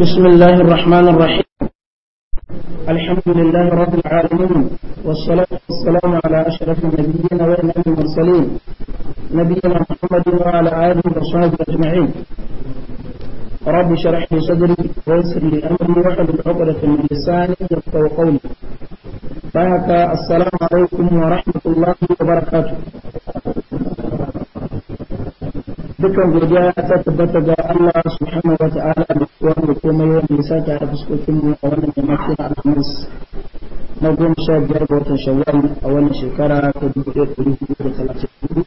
بسم الله الرحمن الرحيم الحمد لله رب العالمين والصلاة والسلام على أشرف النبيين وإمام المرسلين نبينا محمد وعلى آله وصحبه أجمعين رب شرح لي صدري ويسر لي أمري وحل العقدة من لساني يفقه قولي السلام عليكم ورحمة الله وبركاته dukkan godiya ta tabbata ga Allah subhanahu wa ta'ala da kowa da komai wanda ya sake a fuskokin mu a wannan yammaci na alhamis na goma sha biyar ga watan shawwal a wannan shekara ta dubu ɗaya ɗari hudu da talatin hudu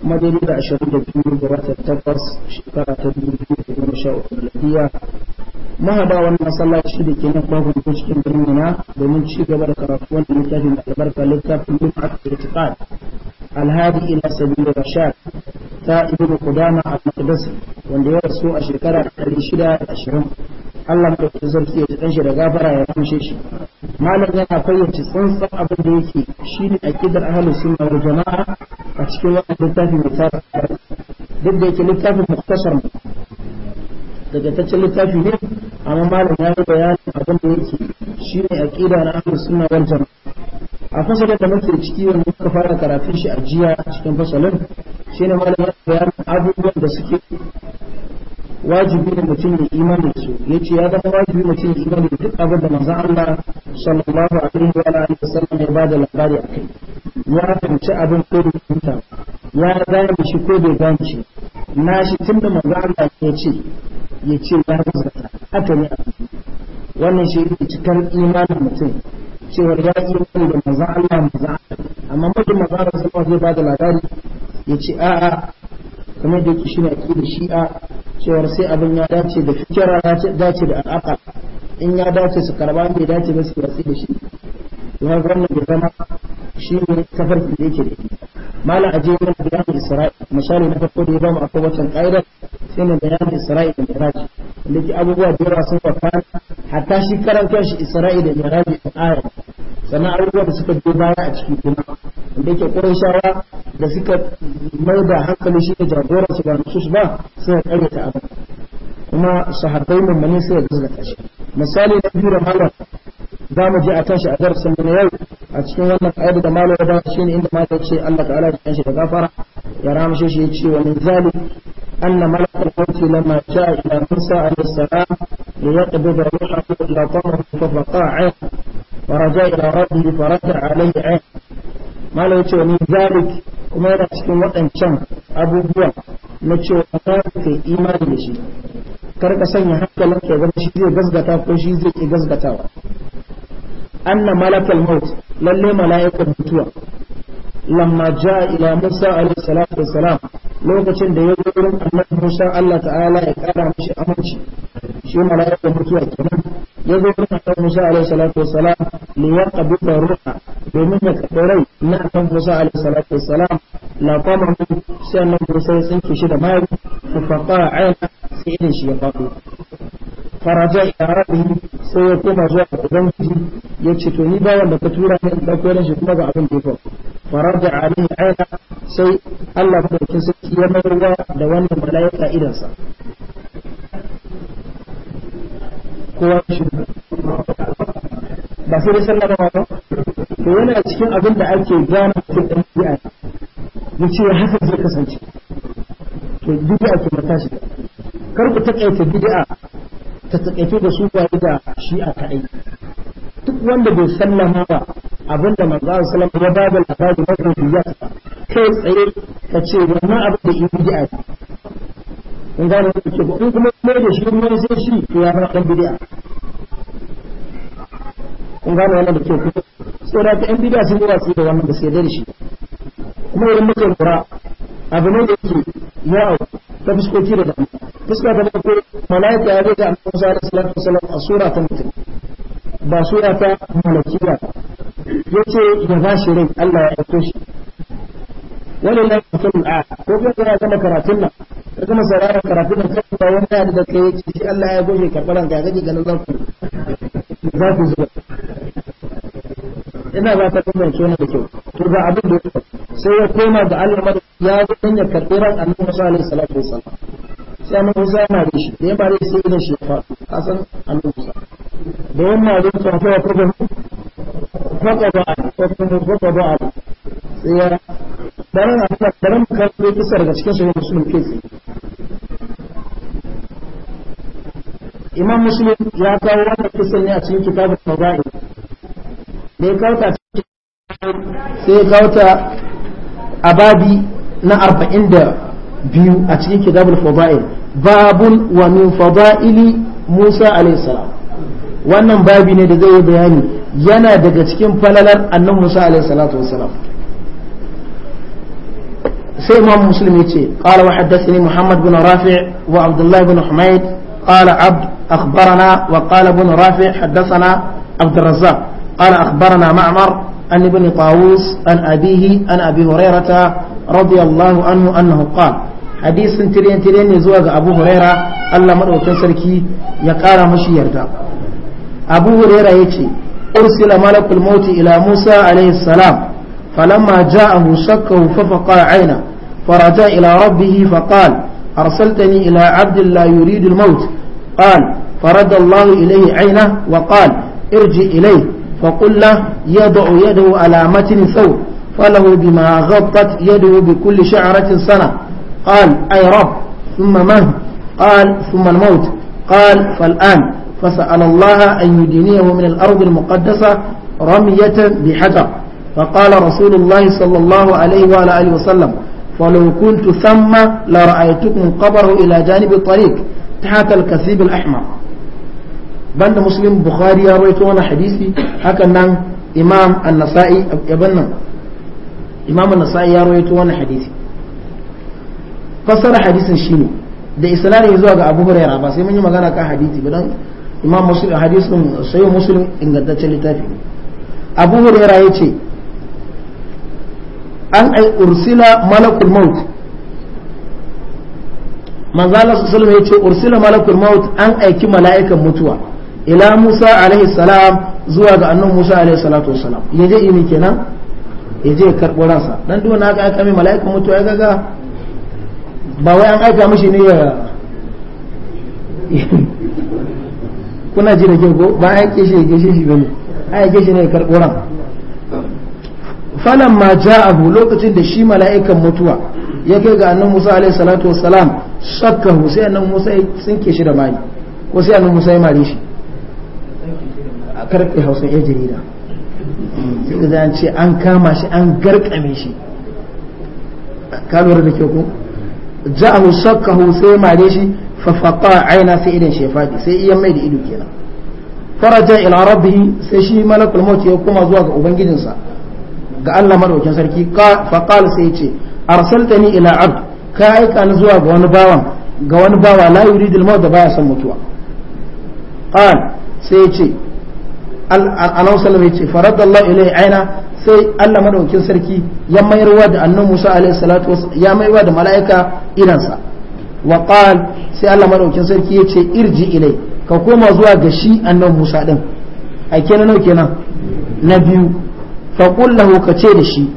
kuma daidai da ashirin da biyu ga watan takwas shekara ta dubu biyu da goma sha uku miladiya mahada wannan masallaci da ke nan babu da cikin birnin yana domin ci gaba da karatu wannan littafin da albarka littafin lum'at irtiqad alhadi ila sabil rashad ta ibnu qudama al-maqdisi wanda ya rasu a shekara ta ashirin. Allah da ku zarki ya dan shi da gafara ya kushe shi malam yana fayyace tsantsan abin da yake shine aqidar ahlus sunna wal jamaa a cikin wannan littafi mai tsara duk da yake littafin muktasar daga taccen littafi ne amma malam ya yi bayani abin da yake shine aqida na ahlus sunna wal jamaa a fasalin da muke ciki wanda muka fara karatun shi a jiya cikin fasalin ne malam ya bayanin abubuwan da suke wajibi ne mutum ya imani da su yace ya zama wajibi mutum ya imani da duk abin da manzon Allah sallallahu alaihi wa alihi wasallam ya bada labari a kai. ya fahimci abin ko da kunta ya gane shi ko bai gane na shi tunda manzon Allah ya ce ya ce ya gaskata haka ne wannan shi ne cikar imanin mutum cewa ya imani da manzon Allah manzon amma mutum manzon Allah sallallahu alaihi wa alihi zai bada labari ya ce a'a kamar da yake shi ne shi a'a. cewar sai abin ya dace da fikira ya dace da al'aka in ya dace su karba bai dace ba su watsi da shi don wannan bai zama shi ne tafarki da yake da shi malam aje mana bayanin isra'i misali na farko da ya bamu akwai watan ƙa'idar sai na bayanin isra'i da miraji da ke abubuwa da yawa sun wakana hatta shi karan kanshi isra'i da miraji a ayar sannan abubuwa da suka je baya a ciki kuma inda yake shawa da suka mai da hankali shi ne jagora su ba nusus ba suka ta abu kuma sahabbai mummuni suka gazgata shi misali na biyu da malam za mu je a tashi a darasin mu yau a cikin wannan ayar da malam ya ba shi ne inda malam ya ce Allah ta'ala ya shi da gafara ya ramshe shi ya ce wa zalim أن ملك الموت لما جاء إلى موسى عليه السلام ليقبض روحه إلى طهر فبقى عين ورجع إلى ربه فرجع عليه عين ما لو من ذلك وما يرسكم وطن شم أبو بوا نتشو أتاك إيمان لشي كرك سنة حتى لو لك ومشي زي غزغتا فشي زي غزغتا أن ملك الموت للي ملائكة بتوع lamma ja ila Musa alaihi salatu wassalam lokacin da ya zo wurin annabi Musa Allah ta'ala ya kara mishi aminci shi malaikar mutuwa kenan ya zo wurin annabi Musa alaihi salatu wassalam li yaqbida ruha domin ya karɓi rai na annabi Musa alaihi salatu wassalam la qama sai annabi Musa ya tsinke shi da mai ku faqa aina sai irin shi ya faɗo faraja ila rabbihi sai ya koma zuwa ga ya ce to ni da ta tura min in ɗauko kuma ga abin da faraja alaihi aina sai Allah madaukin sarki ya mayarwa da wannan mala'ika idansa kowa shi ba sai dai sallah ba ba to yana cikin abin da ake gane cikin dan bid'a ya ce haka zai kasance to bid'a ke mata shi kar ku taƙaita bid'a ta taƙaita da su ba da shi'a kadai duk wanda bai sallama ba abin da manzo Allah sallallahu alaihi wasallam ya ba da labari na bid'a kai tsaye ka ce wannan abin da in bid'a ne in gane ku ce in kuma mai da shi mai sai shi to ya fara kan bid'a in gane wannan da ke ku saboda da yan bid'a sun yi watsi da wannan da sai da shi kuma idan muke kura abu ne da yake ya au ta fuskoki da dama fuska ta ko malaika ya ga annabi sallallahu alaihi wasallam a sura ta mutum ba sura ta malakiya ya ce ya ba shi rai Allah ya aiko shi wani na mutum a ko kuma kana gama karatun nan ka gama sauraron karatun nan kan ba wani yana da kai yake shi Allah ya goge karɓaran ka kake ganin zan ku za ku zuwa ina ba ta kuma yake da kyau to ga abin da ya sai ya koma ga Allah madaka ya zo dan ya karɓi ran Annabi sallallahu alaihi wasallam sai annabi Musa yana da shi ya bare sai da shi fa kasan annabi da da ta fa ko ba sai ya da kisa daga cikin ke imam muslim ya kawo wannan kisan ne a cikin kitabun da ya a babi na arba'in da biyu a cikin kitabul fada'il babun wa min fada'ili Musa alaihi salam wannan babi ne da zai yi bayani yana daga cikin falalar annabi Musa alaihi salatu wassalam sai imam muslim ya ce qala wa haddathani muhammad bin rafi' wa abdullah bin humayd qala abd akhbarana wa qala bin rafi' haddathana abd الرزاق قال أخبرنا معمر عن ابن طاووس عن أبيه عن أبي هريرة رضي الله عنه أنه قال حديث ترين ترين يزوج أبو هريرة الله مرء تسركي يقال مشي يرجع أبو هريرة يتي أرسل ملك الموت إلى موسى عليه السلام فلما جاءه شكه ففقع عينه فرجع إلى ربه فقال أرسلتني إلى عبد لا يريد الموت قال فرد الله إليه عينه وقال ارجع إليه فقل له يضع يده على متن ثوب فله بما غطت يده بكل شعرة سنة قال أي رب ثم من قال ثم الموت قال فالآن فسأل الله أن يدينيه من الأرض المقدسة رمية بحجر فقال رسول الله صلى الله عليه وعلى آله وسلم فلو كنت ثم لرأيتكم قبره إلى جانب الطريق تحت الكثيب الأحمر banda muslim bukhari ya rawaito wani hadisi hakan nan imam an-nasa'i ibn nan imam an-nasa'i ya rawaito wani hadisi fassara hadisin shine da islami zuwa ga abu huraira ba sai mun yi magana kan hadisi ba dan imam muslim hadisin sai muslim ingantaccen littafi abu ya yace an ai ursila malakul maut manzo Allah sallallahu alaihi wasallam yace ursila malakul maut an aiki mala'ikan mutuwa ila Musa alaihi salam zuwa ga annabi Musa alaihi salatu wasalam yaje imi kenan yaje ya karbo ransa dan duk na ga aka mai mala'ika mutuwa ya gaga ba wai an aika mishi ne ya kuna ji da ke go ba a yake shi ya geshe shi bane a yake shi ne ya karbo ran falan ma bu lokacin da shi mala'ikan mutuwa ya kai ga annabi Musa alaihi salatu wasalam shakka sai annabi Musa sun ke shi da mai ko sai annabi Musa ya mare shi karɓe hausa ya eh, jarida sai da an ce an kama shi an garkame shi ka lura da kyau ko ja'ahu shakkahu sai mare shi fa faqa aina sai idan shi faɗi sai iya mai da ido kenan faraja ila rabbi sai shi malakul maut ya koma zuwa ga ubangijinsa ga Allah madaukakin sarki fa qala sai ce arsaltani ila abd ka aika ni zuwa ga wani bawan ga wani bawa la yuridul da baya son mutuwa qala sai ce annabi sallallahu alaihi ce ilai aina sai Allah madaukin sarki ya mayarwa da annabi Musa alaihi salatu ya mayarwa da mala'ika idansa wa qal sai Allah madaukin sarki ya ce irji ilai ka koma zuwa ga shi annabi Musa din a kenan nawa kenan na biyu fa qul lahu ka ce da shi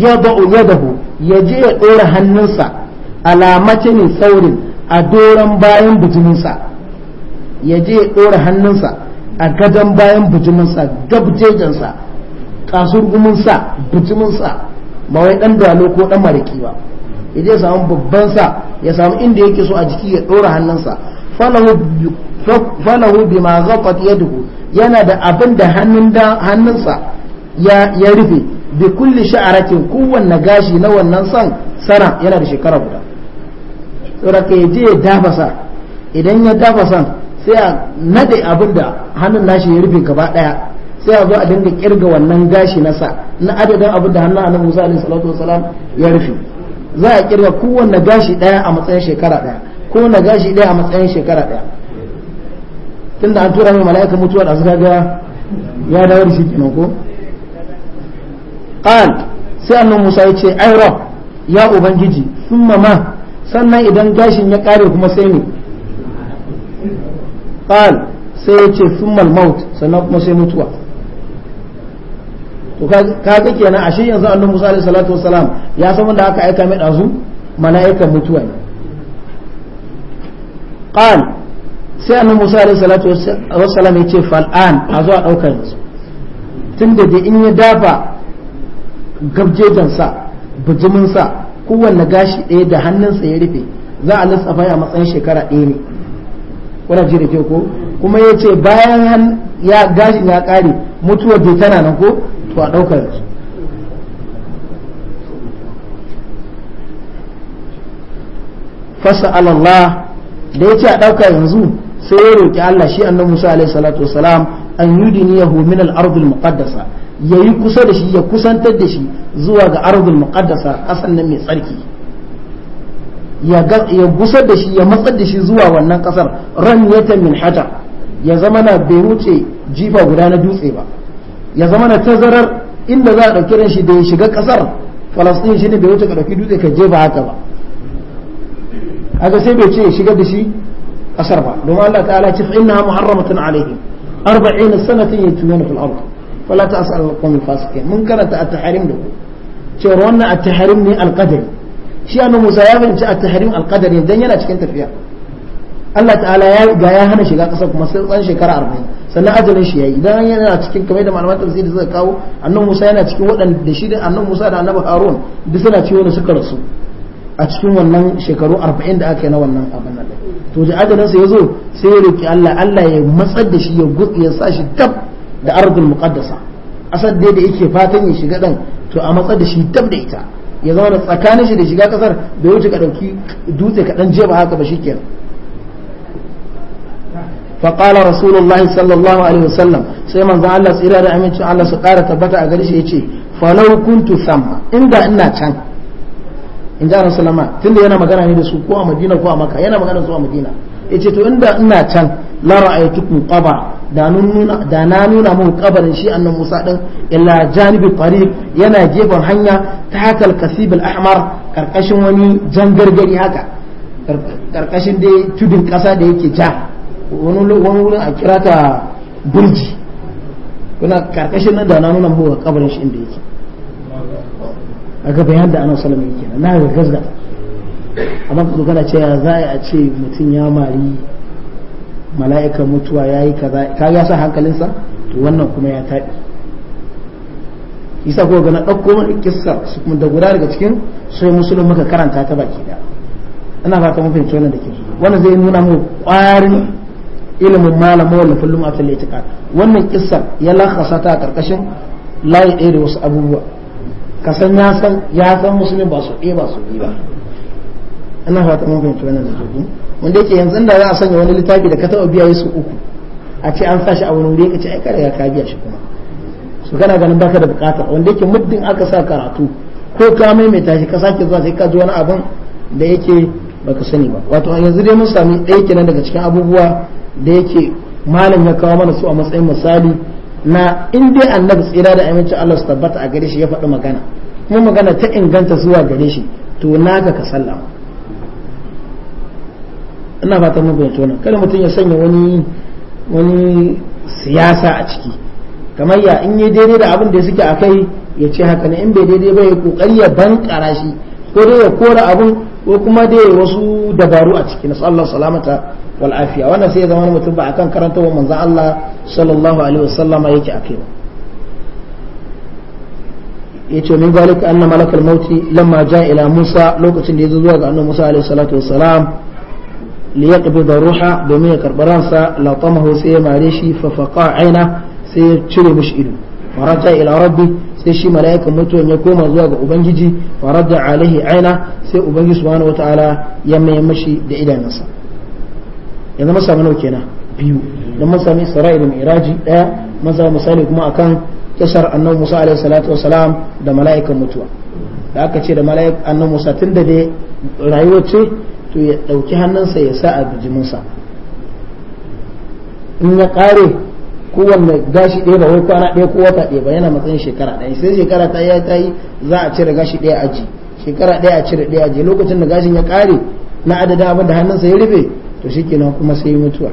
ya da'u yadahu ya je ya dora hannunsa alamatin saurin a doran bayan bijiminsa ya je ya dora hannunsa a gadon bayan bijiminsa gabjejensa kasurguminsa bijiminsa ba wai dan dalo ko dan mariki ba ya ya samu babban sa ya samu inda yake so a jiki ya dora hannunsa falahu bima ya yaduhu yana da abin da hannun da hannunsa ya ya rufe bi kulli sha'aratin kowanne gashi na wannan san sana yana da shekara guda saboda ka je ya dafa sa idan ya dafa san sai a nade abin da hannun nashi ya rufe gaba daya sai a zo a dinga kirga wannan gashi na sa na adadin abin da hannun annabi Musa alaihi salatu wasalam ya rufe za a kirga kowanne gashi daya a matsayin shekara daya kowanne gashi daya a matsayin shekara daya tunda an tura mai mala'ika mutuwa da suka ga ya dawo da shi kenan ko qal sai annabi Musa ya ce ai ya ubangiji summa ma sannan idan gashin ya kare kuma sai ne qal sai yace thummal maut sannan kuma sai mutuwa to kaga kenan ashe yanzu annabi Musa alaihi salatu wassalam ya san wanda aka aika mai dazu mala'ikan mutuwa ne qal sai annabi Musa alaihi salatu wassalam yace fal'an a zo a daukar yanzu tunda da in ya dafa gabjejansa bijiminsa kowanne gashi ɗaya da hannunsa ya rufe za a lissafa a matsayin shekara ɗaya ne wani ji da ke ko kuma ya ce bayan ya gashin ya kare mutuwar da tana nan ko to a daukar su fasa da ya ce a ɗauka yanzu sai ya roƙi Allah shi annabi Musa alaihi salatu wasalam an yahu min al-ardh al-muqaddasa yayi kusa da shi ya kusantar da shi zuwa ga ardh muqaddasa asan nan mai tsarki ya gusar da shi ya matsar da shi zuwa wannan kasar ran ramyatan min hajar ya zama na bai wuce jifa guda na dutse ba ya zama na tazarar inda za a ɗauki ran shi da ya shiga kasar falastin shi ne bai wuce ka ɗauki dutse ka jefa haka ba haka sai bai ce ya shigar da shi kasar ba domin Allah ta'ala ce inna muharramatun alaihim arba'in sanatin yatumuna fil ard fala ta'sal al-qawm al-fasiqin mun karanta at-tahrim da ku cewa wannan at-tahrim ne al-qadari shi annabi Musa ya fahimci at-tahrim al qadar idan yana cikin tafiya Allah ta'ala ya ga ya hana shiga kasar kuma sai tsan shekara 40 sannan ajalin shi yayi dan yana cikin kamar da malaman tafsiri suka kawo annabi Musa yana cikin waɗanda shi da annabi Musa da annabi Harun duk suna ciwo da suka rasu a cikin wannan shekaru 40 da aka yi na wannan abin nan to da ajalin sa yazo sai ya roki Allah Allah ya matsar da shi ya gutsi ya sa shi tab da ardul muqaddasa asar da yake fatan ya shiga dan to a matsar da shi tab da ita ya zama da tsakanin shi da shiga kasar bai wuce ka ɗauki dutse ka dan jeba haka ba shikenan fa qala rasulullahi sallallahu alaihi wasallam sai manzo Allah tsira da aminci Allah su ƙara tabbata a gare shi yace fa law kuntu samma inda ina can in ji rasulama tunda yana magana ne da su ko a madina ko a maka yana magana su a madina ce to inda ina can la tukun qaba da na nuna muku kabarin shi annan musa din illa janibi tariq yana gefen hanya ta hatal kasib al-ahmar karkashin wani jangargari haka karkashin dai tudun kasa da yake ja wani wurin a kira ta burji kuna karkashin nan da na nuna muku kabarin shi inda yake a ga bayan da annabi sallallahu alaihi wasallam yake na ga gazda amma kuma kana cewa za a ce mutum ya mari Mala'ika mutuwa ya yi kaza ka ya sa hankalinsa to wannan kuma ya taɓi isa kuwa gana ɗauko mana kissar su kuma da guda daga cikin sai musulun muka karanta ta baki da ina fata mun fahimci wannan da ke wannan zai nuna mu ƙwarin ilimin malamin wallafin lumatul itiqad wannan kissar ya lakasa ta a layi ɗaya da wasu abubuwa ka san ya san ya san musulun ba su ɗaya ba su biyu ba ina fata mun fahimci wannan da ke wanda yake yanzu da za a sanya wani littafi da ka taɓa biya su uku a ce an sashi a wani wuri ka ce ai kada ka biya shi kuma su kana ganin baka da bukata wanda yake muddin aka sa karatu ko ka maimaita shi ka sake zuwa sai ka ji wani abin da yake baka sani ba wato yanzu dai mun sami ɗaya kenan daga cikin abubuwa da yake malam ya kawo mana su a matsayin misali na in dai annabi tsira da aminci Allah su tabbata a gare shi ya faɗi magana kuma magana ta inganta zuwa gare shi to naka ka sallama ina fatan mun bayyana wannan kada mutum ya sanya wani wani siyasa a ciki kamar ya in yi daidai da abin da suke a kai ya ce haka ne in bai daidai ba ya kokari ya ban karashi ko dai ya kora abin ko kuma dai wasu dabaru a ciki nasu Allah salamata wal afiya wannan sai ya zama mutum ba akan wa manzon Allah sallallahu alaihi wasallam yake a kai ba yace min zalika anna malakal mauti lamma ja ila Musa lokacin da yazo zuwa ga annabi Musa alaihi salatu wassalam li yaqbida ruha domin ya karɓi ransa la tamahu sai ya mare shi fa cayna sai ya cire mishi ido wa raja ila rabbi sai shi mala'ikan mutuwan ya koma zuwa ga ubangiji wa radda cayna sai ubangiji subhanahu wataala ya mai mashi da idanunsa yanzu mun samu nawa na biyu dan mun sami isra'il da miraji daya mun samu misali kuma akan kisar annabi Musa alaihi salatu wa salam da mala'ikan mutuwa da aka ce da mala'ikan annabi Musa tunda dai rayuwar ce to ya ɗauki hannunsa ya sa a bijiminsa in ya ƙare kowanne gashi ɗaya ba wai kwana ɗaya ko wata ɗaya ba yana matsayin shekara ɗaya sai shekara ta yi ta yi za a cire gashi ɗaya aji shekara ɗaya a cire ɗaya aji lokacin da gashin ya ƙare na adada abin da hannunsa ya rufe to shikenan kuma sai mutuwa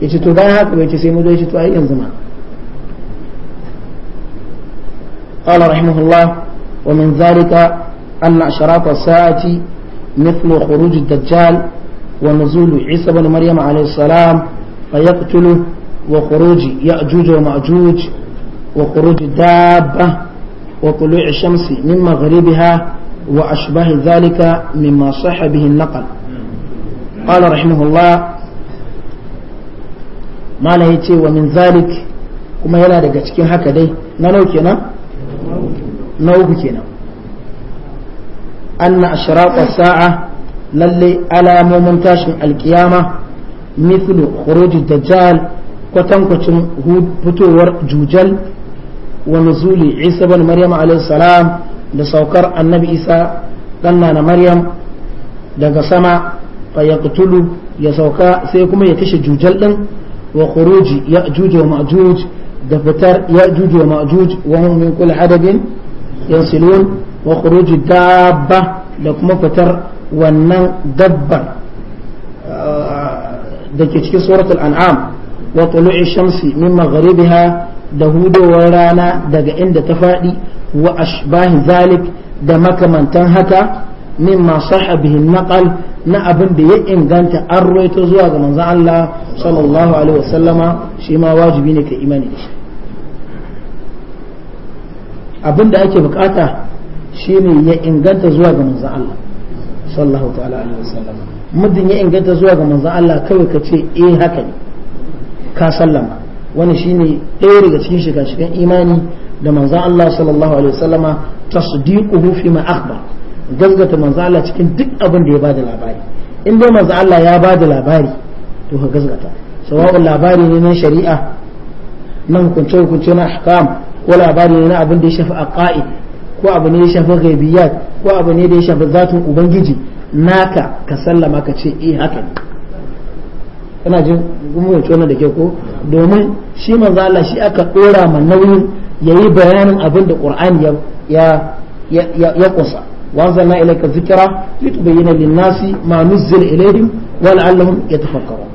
ya ce to bayan haka bai ce sai mutuwa ya ce to ai yanzu ma قال رحمه الله ومن ذلك أن أشراط الساعة مثل خروج الدجال ونزول عيسى بن مريم عليه السلام فيقتله وخروج يأجوج ومأجوج وخروج دابة وطلوع الشمس من مغربها وأشبه ذلك مما صح به النقل قال رحمه الله ما لهيتي ومن ذلك كما يلا رجعتك هكذا نلوكينا dai na nauke anna ashraq sa'a lalle alamomin tashin alkiyama mithlu khuruj dajjal kwatankwacin fitowar jujal wa nuzuli isa maryam alayhi salam da saukar annabi isa danna na maryam daga sama fa yaqtulu ya sauka sai kuma ya kashe jujal din wa khuruji ya'juj wa ma'juj da fitar ya'juj wa ma'juj wa hum min kulli hadabin yansilun wa khuruji dabba da kuma fitar wannan dabbar uh, da ke cikin suratul an'am wa tulu'i shamsi min magharibiha da hudowar rana daga inda ta faɗi wa ashbahi zalik da makamantan haka masu sahabihin naƙal na abin da ya inganta an ruwaito zuwa ga manzan Allah sallallahu alaihi wasallama shi ma wajibi ne ka imani da shi abin da ake bukata shine ya inganta zuwa ga manzon Allah sallallahu ta'ala alaihi wasallam muddin ya inganta zuwa ga manzon Allah kawai ka ce eh haka ne ka sallama wani shine ɗaya daga cikin shiga-shigan imani da manzon Allah sallallahu alaihi wasallama tasdiquhu fi ma akhbar gazgata manzon Allah cikin duk abin da ya bada labari in dai manzon Allah ya bada labari to ka gazgata sawa'un labari ne na shari'a na hukunce-hukunce na ahkam ko labari ne na abin da ya shafi aqaid ko abu ne ya shafi ghaibiyat ko abu ne da ya shafi zatun ubangiji naka ka sallama ka ce eh haka kana jin gumin tona da ke ko domin shi manzo Allah shi aka dora ma nauyin yayi bayanin abin da Qur'ani ya ya ya kusa wanzalna ilayka dhikra litubayyana lin-nasi ma nuzzila ilayhim wa la'allahum yatafakkarun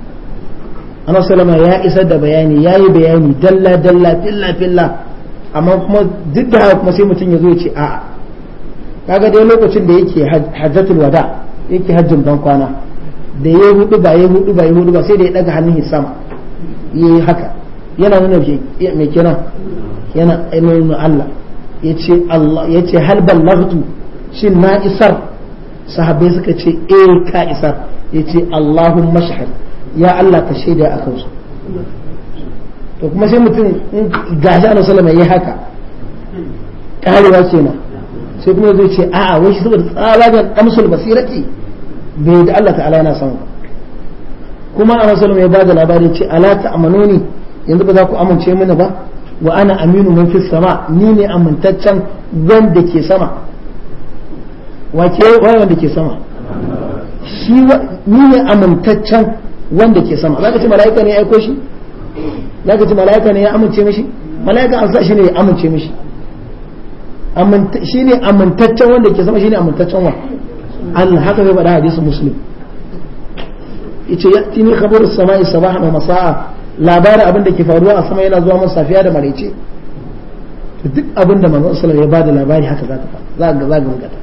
ana sallama ya isar da bayani yayi bayani dalla dalla filla filla amma kuma duk da haka kuma sai mutum ya zo ya ce a'a kaga dai lokacin da yake hajjatul wada yake hajjin dan kwana da ya hudu ba ya hudu ba ya hudu ba sai da ya daga hannun sama ya yi haka yana nuna mai kiran yana ainihin Allah ya ce Allah ya ce hal ballaghtu shin na isar sahabbai suka ce eh ka isar ya ce Allahumma shahid ya Allah ka shaida a kansu to kuma sai mutum gashi annabi sallallahu alaihi haka karewa na sai kuma zai ce a'a wai shi saboda da amsul basirati bai da Allah ta'ala yana son kuma annabi sallallahu alaihi ya bada labari ce ala ta'manuni yanzu ba za ku amince mini ba wa ana aminu man fis sama ni ne amintaccen wanda ke sama wace wanda ke sama shi ni ne amintaccen wanda ke sama za ka ce mala'ika ne ya aiko shi za ka ci mala'ika ne ya amince mishi mala'ika an sa shi ne ya amince mishi shi ne amintaccen wanda ke sama shi ne amintaccen wa Allah haka bai faɗa hadisin muslim yace yatini sama samai sabahan wa masa'a labarin abin da ke faruwa a sama yana zuwa mun safiya da maraice duk abin da manzon sallallahu ya bada labari haka za ka faɗa za ga zaga gata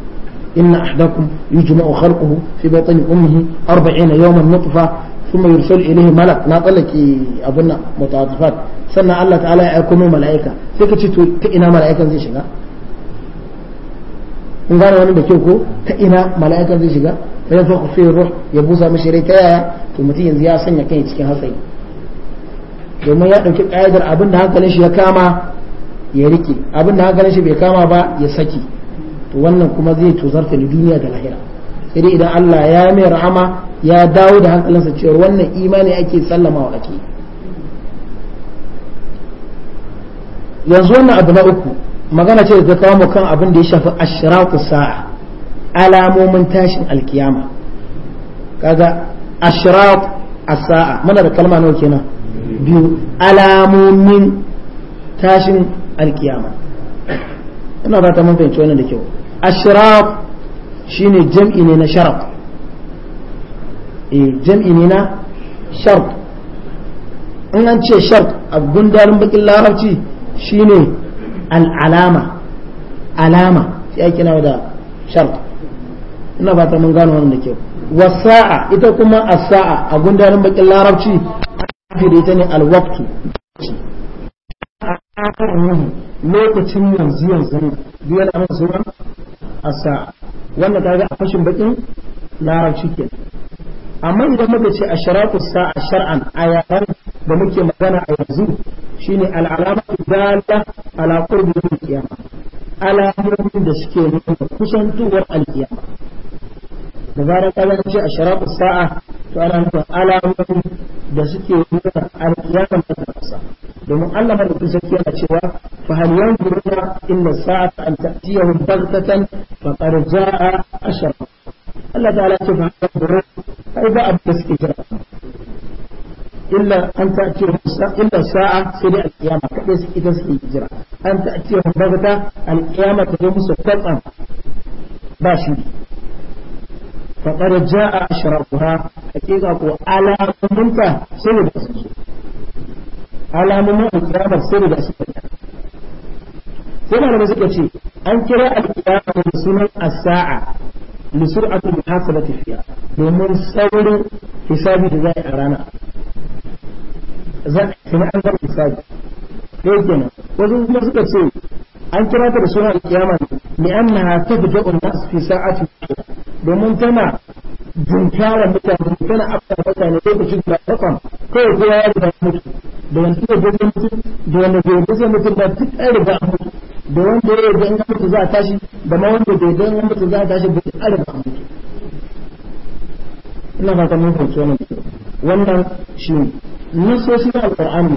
inna ahdakum yujma'u khalquhu fi batni ummihi 40 yawman nutfa kuma yursul ilaihi malak na tsallake abun nan mutawafifat sannan Allah ta'ala ya aiko mai mala'ika sai ka ce to ta ina mala'ikan zai shiga in gane wani da ko ta ina mala'ikan zai shiga fa ya faku fi ruh ya busa mishi rai ta yaya to mutum yanzu ya sanya kai cikin hatsari domin ya dauki ka'idar abin da hankalin ya kama ya rike abin da hankalin shi bai kama ba ya saki to wannan kuma zai tozarta duniya da lahira sai idan Allah ya mai rahama ya dawo da hankalinsa cewar wannan imani ake sallama wa ake yanzu wannan abu na uku magana ce da kawo mu kan abin da ya shafi ashraqu sa'a alamomin tashin alkiyama kaga ashraq as-sa'a mana da kalma nawa kenan biyu alamomin tashin alkiyama ina ba ta mun fahimci wannan da kyau ashraq shine jam'i ne na sharaf eh jam'i ne na sharaf in an ce sharaf a gundarin bakin larabci shine al'alama alama sai ake nawa da sharaf ina ba ta mun gano wannan da kyau wasa'a ita kuma as-sa'a a gundarin bakin larabci da ita ne al-waqtu lokacin yanzu yanzu ne biyar a rasuwa as wannan ta kaga a fashin bakin larabci ke amma idan muka ce asharatu sa'a shar'an a yaran da muke magana a yanzu shine al'alama dalla ala qurbi al-qiyama alamomin da suke nuna kusantowar al-qiyama da zarar kaga ce asharatu sa'a to ana nufin alamomi da suke nuna alƙiyamar da kasa domin Allah madaukakin sarki yana cewa fa hal yanzuruna illa sa'ata an ta'tiyahum baghtatan fa qad ja'a ashara Allah ta'ala ce fa yanzuruna ai ba abu da suke jira illa an ta'tiyahum illa sa'a sai dai alƙiyama kadai suke ita suke jira an ta'tiyahum baghtatan alƙiyama ta zo musu kwatsam ba shi faƙar ja'a ashrafuha hakika ko alamunta sai da su sai malamai suka ce an kira alƙiyama da sunan as-sa'a li sur'ati muhasabati fiha domin saurin hisabi da za a rana za a yi an gama hisabi suka an kira ta da suna alƙiyama ne mai an annaha tabda'u an-nas fi sa'ati domin tana jinkara mutane tana afka mutane ta lokacin da kafan kai kowa ya riga mutu da wanda ya gobe mutu da wanda bai gobe mutu da duk an riga mutu da wanda ya riga an mutu za a tashi da ma wanda bai riga an mutu za a tashi duk an riga mutu ina fata mun fahimci wannan wannan shi ne nasoshi na ne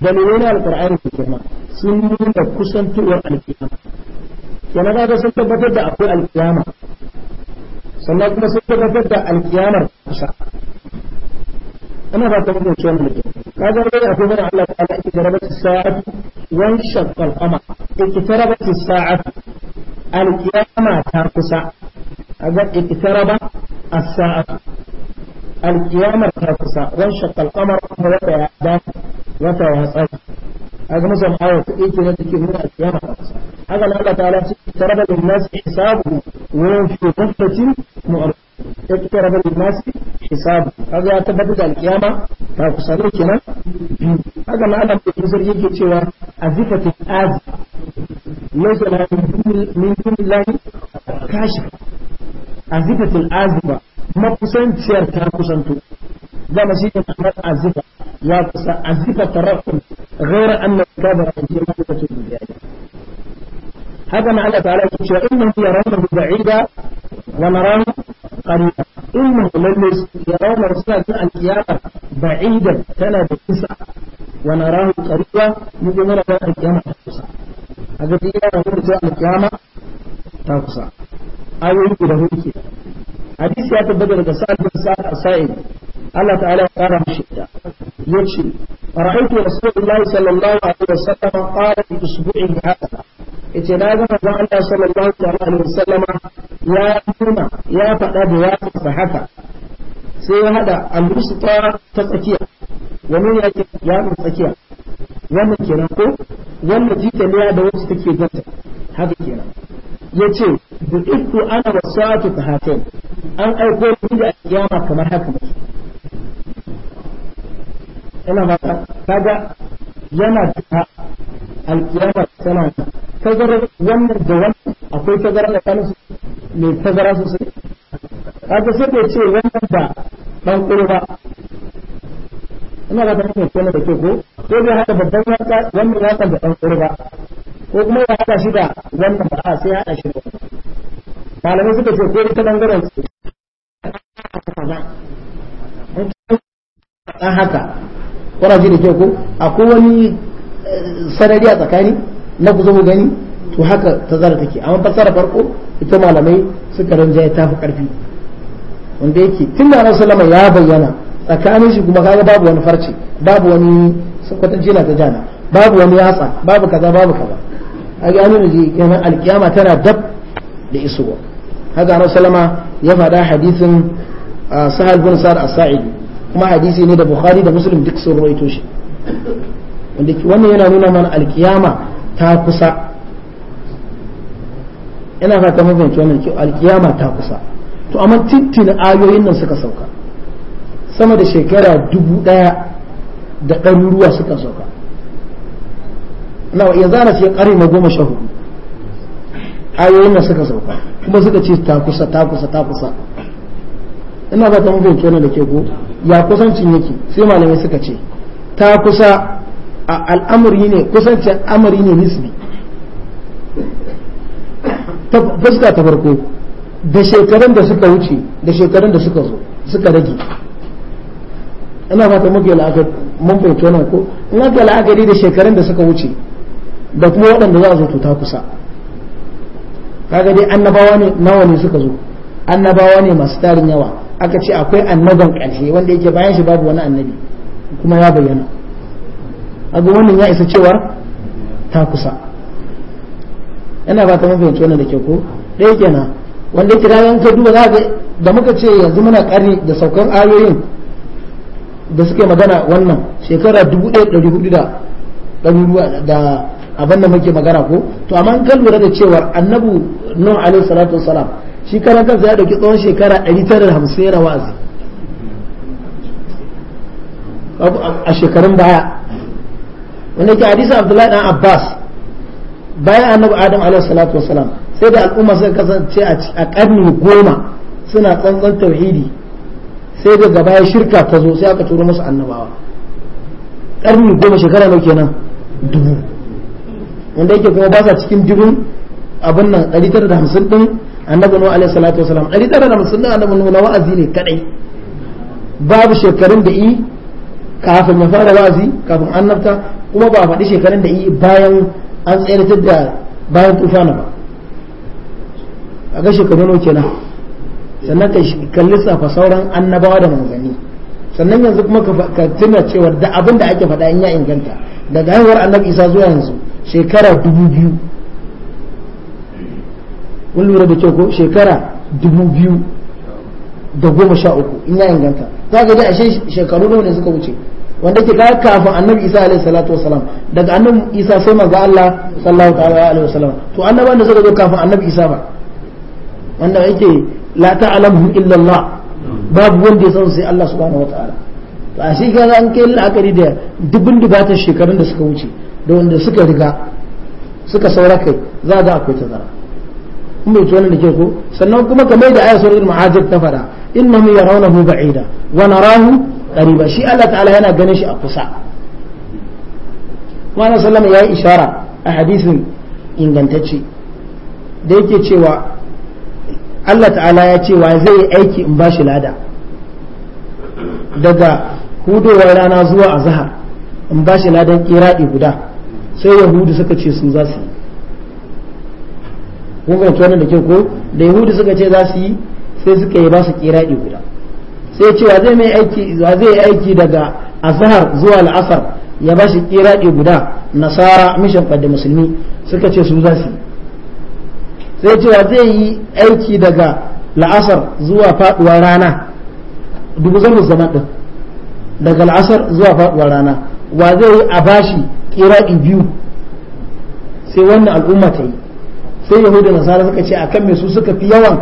dalilai na alƙur'ani ne kenan sun nuna kusantowar alkiyama yana kaga sun tabbatar da akwai alkiyama sannan kuma sun tabbatar da alkiyamar kusa ana ba ta mutum ce wannan mutum kaga dai akwai mana Allah ta'ala yake jarabar sa'atu wan shaqqal qamar yake jarabar sa'atu alkiyama ta kusa kaga yake jaraba as-sa'atu alkiyamar ta kusa wan shaqqal qamar kuma wata ya dafa wata ya tsaya هذا مثلا آية إيتي نتكي هنا القيامة هذا الله تعالى اقترب للناس حسابه وهم في غفلة معرض اقترب للناس حسابه هذا يعتبر القيامة فأقصره كنا هذا ما أنا بكثير يجي تشوى أذفة الآز ليس لها من دون الله كاشف أذفة الآزمة ما قسنت سير كان قسنته ده مسيح محمد أذفة يا عزيفة الترقم غير أن الكابر الجمال تجد هذا معنى تعالى إنه يرونه بعيدا ونراه قريبا إنه للناس يرون رسالة القيامة بعيدا كان بتسعة ونراه قريبا يقولون لا القيامة تقصى هذا في إيمان هو رسالة القيامة تقصى أو يقول له كده حديث يأتي بدل سعد بن سعد السائل Allah ta'ala ya fara mishi da yace ra'aytu rasulullahi sallallahu alaihi wasallam qala fi usbu'in hada yace na ga manzon Allah sallallahu alaihi wasallam ya nuna ya fada da ya faɗa haka sai ya hada al-wusta ta tsakiya wani ya ke ya tsakiya wannan kenan ko wannan jita jikaliya da wacce take ganta haka kenan yace bu'ithu ana wasatu ta hakan an aiko ni da kiyama kamar haka Yana mata kaga yana fita alkiyama tana tazarar wannan da wannan akwai tazara da kanin mai tazara sosai kaga sai da ce wannan da dan kuro ba ina ba ta ne kuma da ke ko ko bai hada babban wata wannan san da dan kuro ba ko kuma ya hada shi da wannan ba a sai ya hada shi da malamai suka ce ko ta bangaren su haka kuna ji da kyau ko akwai wani eh, sanadi a tsakani na ku mu gani to haka tazara take amma fassara farko ita malamai suka ranja ya tafi karfi wanda yake tun da lama ya bayyana tsakanin shi kuma kaga babu wani farce babu wani sakwatanci na ta jana babu wani yatsa babu kaza babu kaza a ga da ji kenan alkiyama tana dab da isowa haka annabi lama ya faɗa hadisin ah, sahal bin sa'ad as-sa'idi kuma hadisi ne da bukhari da muslim duk sun ruwaito shi wanda wannan yana nuna mana alkiyama ta kusa ina fata mun fahimci wannan alkiyama ta kusa to amma tintin ayoyin nan suka sauka sama da shekara dubu daya da ɗaruruwa suka sauka na ya zara ce ƙari na goma sha hudu ayoyin nan suka sauka kuma suka ce ta kusa ta kusa ta kusa ina ba ta mun fahimci wannan da ke go, ya kusancin yake sai malamai suka ce ta kusa a al'amari ne kusancin amari ne nisbi fuska ta farko da shekarun da suka wuce da shekarun da suka zo suka rage ina ta muke la'akari mun fahimci tona ko ina ga la'akari da shekarun da suka wuce da kuma waɗanda za a zo to ta kusa kaga dai annabawa ne nawa ne suka zo annabawa ne masu tarin yawa aka ce akwai annabin ƙarshe wanda yake bayan shi babu wani annabi kuma ya bayyana aga wannan ya isa cewa ta kusa Yana ba ta mafi da ke ko ɗaya kenan wanda ya da yanka duba za ga da muka ce yanzu muna ƙarni da saukan ayoyin da suke magana wannan shekara dubu ɗaya ɗari hudu da ɗari da abin muke magana ko to amma an kan lura da cewar annabu nuh alaihi salatu wasalam shi karan kansa ya dauki tsawon shekara 950 yana wa'azi a shekarun baya wanda ke hadisi abdullahi dan abbas bayan annabi adam alaihi salatu wasalam sai da al'umma suka kasance a karni goma suna tsantsan tauhidi sai da gaba ya shirka ta zo sai aka turo musu annabawa karni goma shekara nau kenan dubu wanda yake kuma ba sa cikin dubun abin nan 950 din annabi nuhu alaihi salatu wasalam ɗari tara da musulun annabi nuhu na wa'azi ne kadai babu shekarun da yi kafin ya fara wa'azi kafin annabta kuma ba faɗi shekarun da yi bayan an tsayar da bayan tufana ba a ga shekaru nawa kenan sannan ka kalli safa sauran annabawa da manzanni sannan yanzu kuma ka tuna cewa da abin da ake faɗa in ya inganta daga haihuwar annabi isa zuwa yanzu shekara dubu biyu kun lura da kyau ko shekara dubu biyu da goma sha uku in ya inganta za ka ga ashe shekaru nawa ne suka wuce wanda ke kawo kafin annabi isa alaihi salatu wasalam daga annabi isa sai manzo Allah sallallahu alaihi wasallam to annaban da suka zo kafin annabi isa ba wanda yake la ta'lamu illa Allah babu wanda ya san sai Allah subhanahu wataala to a shi kaga an kai la'akari da dubin dubatar shekarun da suka wuce da wanda suka riga suka saura kai za ga akwai tazara kun bai wannan da ke ko sannan kuma kamar da ayat suratul mu'ajir ta fada rauna yarawnahu ba'ida wa rahu qariba shi Allah ta'ala yana ganin shi a kusa wannan sallama yi ishara a hadisin ingantacce da yake cewa Allah ta'ala ya ce wa zai aiki in bashi lada daga hudowar rana zuwa azhar in bashi ladan kiradi guda sai yahudu suka ce su za su yi kun fahimci wannan da ke ko da yahudi suka ce za su yi sai suka yi ba su kiradi guda sai wa zai mai aiki zai yi aiki daga azhar zuwa al'asar ya ba shi kiradi guda nasara mishan da musulmi suka ce su za su sai ce wa zai yi aiki daga la'asar zuwa faduwar rana dubu zamu zaman din daga la'asar zuwa faduwar rana wa zai yi a bashi kiradi biyu sai wannan al'umma ta yi sai yahuda nasara suka ce akan mai su suka fi yawan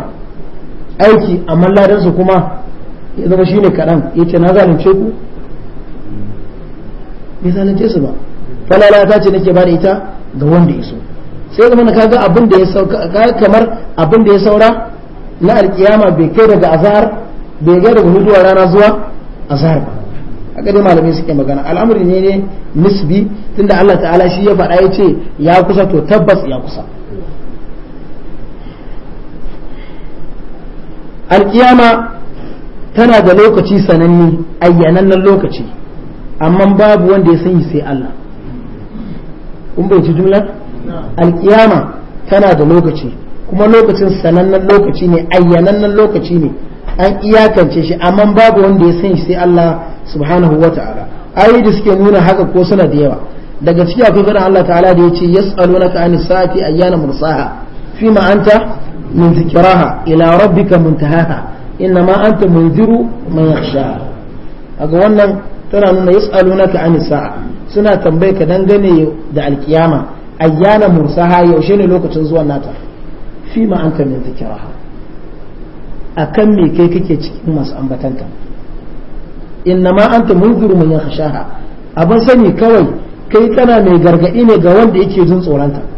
aiki a malladansu kuma ya zama shine kaɗan yace na zalunce ku bai zalunce su ba falala ta ce nake bada ita ga wanda ya so sai zama na kaga abin da ya sauka kamar abin da ya saura na alkiyama bai kai daga azhar bai kai daga huduwa rana zuwa azhar ba haka dai malamai suke magana al'amari ne ne nisbi tunda Allah ta'ala shi ya faɗa ya ce ya kusa to tabbas ya kusa alkiyama tana da lokaci sananne ayyanannen lokaci amma babu wanda ya sani sai Allah kun bai jumla alkiyama tana da lokaci kuma lokacin sanannen lokaci ne ayyanannen lokaci ne an iyakance shi amma babu wanda ya sani sai Allah subhanahu wa ta'ala da suke nuna haka ko suna da yawa daga ciki akwai faɗin Allah ta'ala da ya ce yas'alunaka anis sa'ati ayyana mursaha fima anta min zikiraha ila rabbika muntahaha innama anta munziru man yakhsha aga wannan tana nuna yasalunaka an sa'a suna tambaye ka dangane da alkiyama ayyana mursaha yaushe ne lokacin zuwan nata fi ma anta min zikiraha akan me kai kake cikin masu ambatanta innama anta munziru man yakhsha abin sani kawai kai tana mai gargaɗi ne ga wanda yake jin tsoronta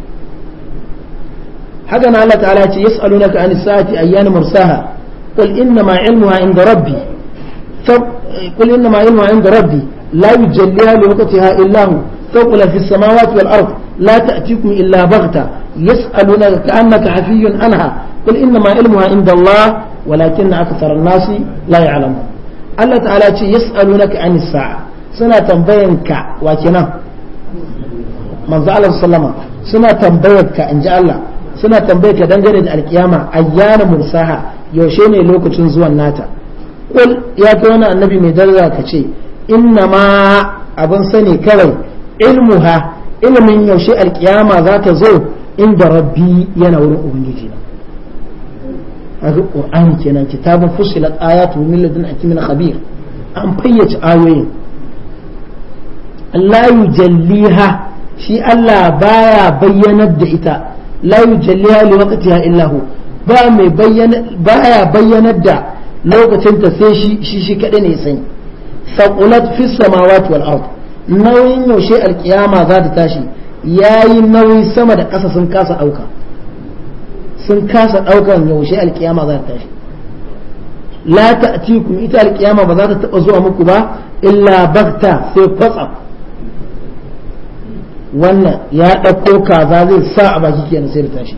haka na Allah ta'ala ce aluna ka anis sa'ati ayyana mursaha kul inda rabbi kul inna ma ilmuha inda rabbi la yujalliha li waqtiha illa hu wal ard la ta'tikum illa baghta yasaluna ka annaka hafiyun anha kul inna ma ilmuha inda Allah walakin akthar an-nas la ya'lamun Allah ta'ala ce yasaluna ka anis suna tambayan ka wa kina manzo suna tambayar ka inji Allah suna tambaye ka dangane da alkiyama ayyana mursaha yaushe ne lokacin zuwan nata kul ya ta wani annabi mai daraja ka ce inna ma abin sani kawai ilmuha ilmin yaushe alkiyama za ta zo inda rabbi yana wurin ubangiji na haka qur'ani kenan kitabun fusilat ayatu min ladun hakimin khabir an fayyace ayoyin Allah yujalliha shi Allah baya bayyanar da ita layu yujalliha li waqtiha illa hu ba mai bayyana baya bayyanar da lokacin ta sai shi shi shi kadai ne sani saqulat fis samawati wal ard nauyin yaushe alkiyama za ta tashi yayi nauyi sama da ƙasa sun kasa dauka sun kasa daukan yaushe alkiyama za ta tashi la ta'tikum ita alkiyama ba za ta taba zuwa muku ba illa bagta sai kwatsam wannan ya ɗauko kaza zai sa a baki kenan sai da tashi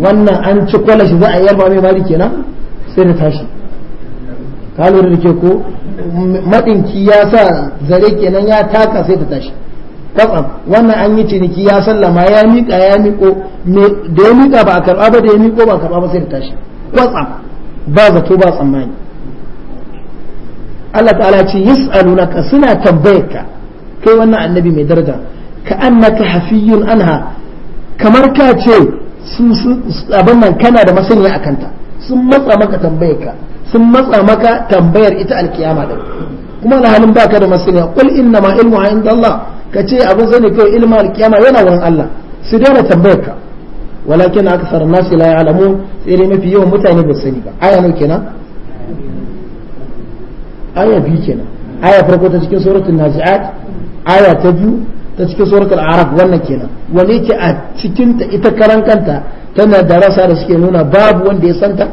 wannan an ci shi za a yarba mai bari kenan sai da tashi ka lura da ke ko maɗinki ya sa zare kenan ya taka sai da tashi kwatsam wannan an yi ciniki ya sallama ya miƙa ya miƙo da ya miƙa ba a karɓa ba da ya miƙo ba a karɓa ba sai da tashi kwatsam ba zato ba tsammani Allah ta'ala ce yas'alunaka suna tambayarka kai wannan annabi mai daraja ka annaka hafiyun anha kamar ka ce sun abin nan kana da masaniya a kanta sun matsa maka tambayar ka sun matsa maka tambayar ita alkiyama din kuma na halin baka da masaniya kul inna ma ilmu inda Allah ka ce abin sani kai ilmu alkiyama yana wurin Allah su daina tambayar ka walakin aksar nas la ya'lamun sai dai mafi yawan mutane ba sani ba aya nau kenan aya bi kenan aya farko ta cikin suratul nazi'at aya ta biyu ta cikin suratul araf wannan kenan wani yake a cikin ta ita karan kanta tana da rasa da suke nuna babu wanda ya santa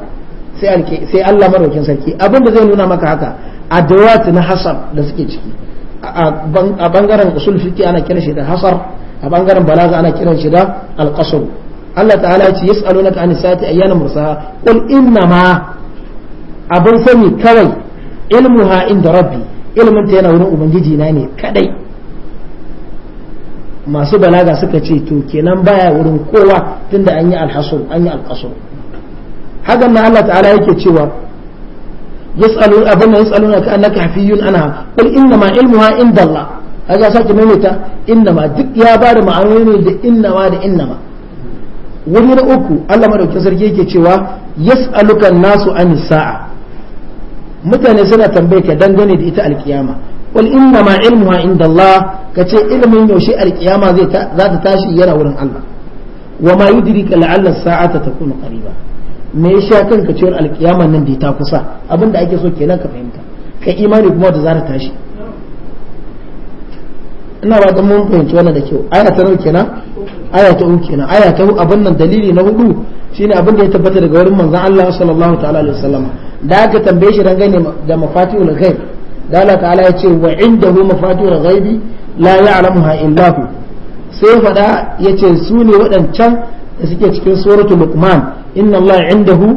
sai Allah daukin sarki abinda zai nuna maka haka adawat na hasar da suke ciki a bangaren usul fiqi ana kiran shi da hasar a bangaren balaga ana kiran shi da alqasr Allah ta'ala ya ce yas'alunaka an sa'ati ayyana mursaha qul inna ma abin sani kawai ilmuha inda rabbi ilmin ta yana wurin ubangiji na ne kadai masu balaga suka ce to kenan baya wurin kowa tunda an yi alhasur an yi alqasur haka na Allah ta'ala yake cewa yas'alun abana yas'aluna ka annaka hafiyun ana qul inna ma ilmuha inda Allah kaga mai maimaita inna ma duk ya ba da ma'anoni da inna ma da inna ma wuri na uku Allah madaukakin sarki yake cewa yas'aluka nasu an sa'a mutane suna tambaye ka dangane da ita alkiyama wal inna ma ilmuha inda kace ilimin yaushe alkiyama zai tashi yana wurin Allah wa ma yudrika la'alla sa'ata takunu qariba me ya kanka cewar alkiyama nan da ta kusa abinda ake so ka fahimta kai imani kuma tashi ina ba ta mun fahimci wannan da kyau aya ta nau na aya ta uku na aya ta abin nan dalili na hudu shine abin da ya tabbata daga wurin manzon Allah sallallahu ta'ala alaihi wasallam da aka tambaye shi dangane da mafatihul ghaib da Allah ta'ala ya ce wa indahu mafatihul ghaibi la ya'lamuha illa hu sai fada yace su ne waɗancan da suke cikin suratul luqman inna Allah indahu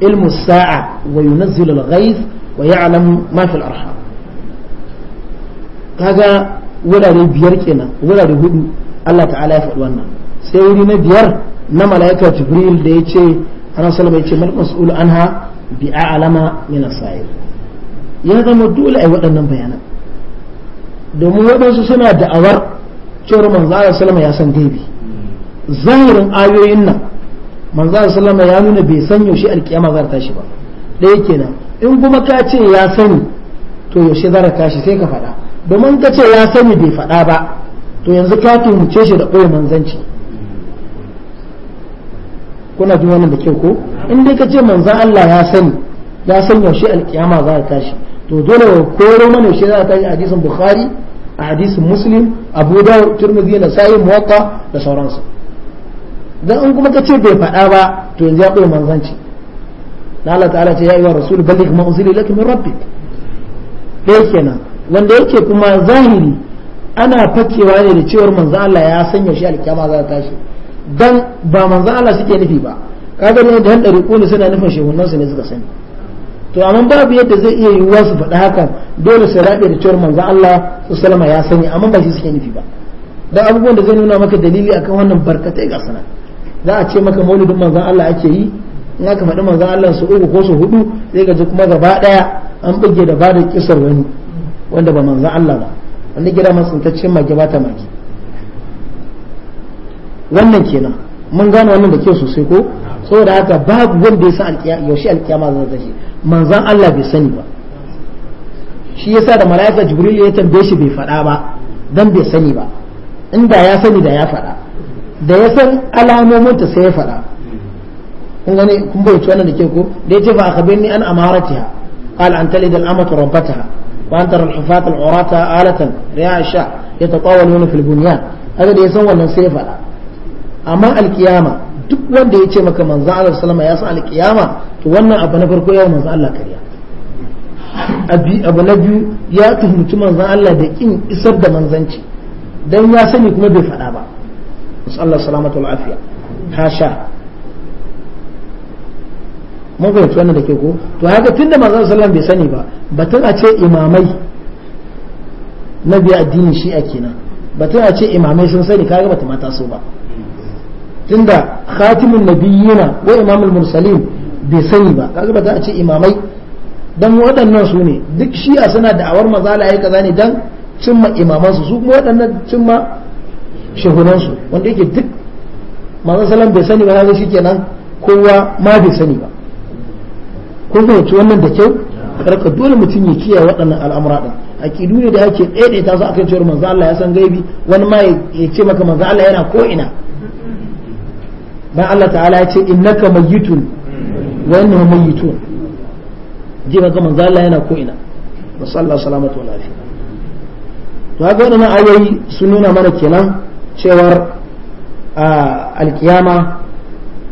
ilmu sa'a wa yunazzilu al-ghayth wa ya'lamu ma fil arham kaga wurare biyar kenan wurare hudu Allah ta'ala ya faɗi wannan sai wuri na biyar na mala'ika jibril da ya ce ana salama ya ce mal mas'ul anha bi a'lama min as-sa'il ya zama dole a waɗannan bayanan domin waɗansu suna da'awar cewar manzo sallama ya san gaibi zahirin ayoyin nan manzo sallama ya nuna bai san yaushe alkiyama za ta tashi ba ɗaya kenan in kuma ka ce ya sani to yaushe za ta tashi sai ka faɗa domin ka ce ya sani bai faɗa ba to yanzu ka tuhumce shi da ɓoye manzanci kuna jin wannan da kyau ko in dai ka ce manzo Allah ya sani ya san yaushe alkiyama za ta tashi to dole koro mana shi za ta yi hadisin bukhari a hadisin muslim abu da turmizi na sa'i muwatta da sauransu dan in kuma kace bai faɗa ba to yanzu ya koyi manzanci na Allah ta'ala ce ya yi wa rasul balik ma unzila laki min rabbik dai kenan wanda yake kuma zahiri ana fakewa ne da cewar manzo Allah ya sanya shi alkiyama za ta tashi dan ba manzo Allah suke nufi ba kaga ne da han dariƙo ne suna nufin shehunansu ne suka sani to amma babu yadda zai iya yiwuwa su faɗa hakan dole su raɗe da cewar manzo Allah salama ya sani amma ba shi suke nufi ba da abubuwan da zai nuna maka dalili akan wannan barkatai ga sana za a ce maka maulidin manzo Allah ake yi in aka faɗi manzo Allah su uku ko su hudu zai gaji kuma gaba daya an buge da bada kisar wani wanda ba manzo Allah ba wanda gida matsintaccen mage ba ta mage wannan kenan mun gane wannan da kyau sosai ko saboda haka babu wanda ya sa yaushe alkiyama zai manzan Allah bai sani ba shi yasa da mala'ika jibril ya tambaye shi bai faɗa ba dan bai sani ba inda ya sani da ya faɗa da ya san alamomin ta sai ya faɗa kun gane kun bai ci wannan da ke ko da yace fa akhbirni an amaratiha qala an talid al amatu rabbataha wa an tara al hufat al urata alatan ri'a sha yatatawaluna fil bunyan haka da ya san wannan sai ya faɗa amma al duk wanda ya ce maka manzo Allah sallama ya san alƙiyama to wannan abu na farko ya manzo Allah kariya abu na biyu ya tuhumci manzo Allah da kin isar da manzanci dan ya sani kuma bai faɗa ba allah salamatu al'afiya hasha mun fahimci wannan da ke ko to haka tun da manzan sallam bai sani ba batun a ce imamai na biya addinin a kenan batun a ce imamai sun sani kaga bata mata so ba tunda khatimun nabiyina wa imamul mursalin bai sani ba kaga ba za a ce imamai dan waɗannan su ne duk shi'a suna da'awar mazala yayi kaza ne dan cimma imamansu su su waɗannan cimma su wanda yake duk manzon bai sani ba kaga shikenan kowa ma bai sani ba ko fahimci wannan da kyau karka dole mutum ya kiyaye waɗannan al'amura din aqidu ne da ake daidaita su akan cewa manzo Allah ya san gaibi wani ma ya ce maka manzo Allah yana ko ina dan Allah ta'ala ya ce innaka mayyitun wa innahum mayyitun ji ga manzo Allah yana ko ina wa sallallahu salamatu wa lafiya to haka wannan ayoyi sun nuna mana kenan cewar alkiyama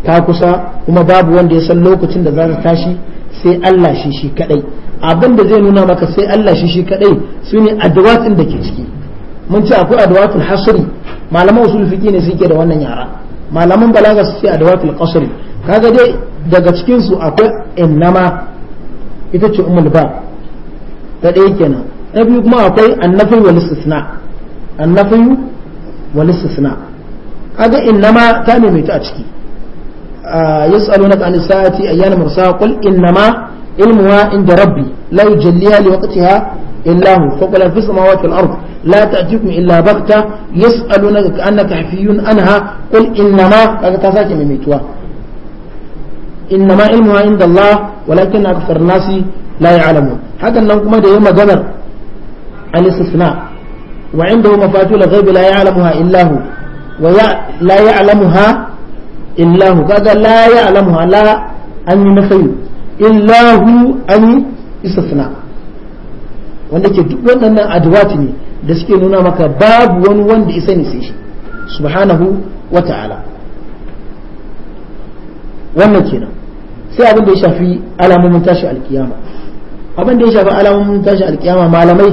ta kusa kuma babu wanda ya san lokacin da za ta tashi sai Allah shi shi kadai abin da zai nuna maka sai Allah shi shi kadai su ne adawatin da ke ciki mun ce akwai adawatul hasri malaman usul fiqi ne suke da wannan yara malaman balaga suke a dawatul qasri kaga dai daga cikin su akwai innama ita ce ummul ba ta dai kenan na biyu kuma akwai annafi wal istisna annafi wal istisna kaga innama ta nemi ta a ciki yas'alunaka an sa'ati ayyana mursa qul innama ilmuha inda rabbi la yujalliha liwaqtiha إلا هو فوق في السماوات والأرض لا تأتيكم إلا بغتة يسألونك كأنك حفي عنها قل إنما كتاساك ميتوا إنما علمها عند الله ولكن أكثر الناس لا يعلمون هذا النوم ده يوم جمر الاستثناء وعنده مفاتيح الغيب لا يعلمها إلا هو ولا يعلمها إلا هو كذا لا يعلمها لا أن نفي إلا هو أن استثناء wanda ke duk waɗannan adwat ne da suke nuna maka babu wani wanda isa ne sai shi subhanahu wa ta'ala wannan kenan sai abin da ya shafi alamomin tashi alkiyama abin da ya shafi alamomin tashi alkiyama malamai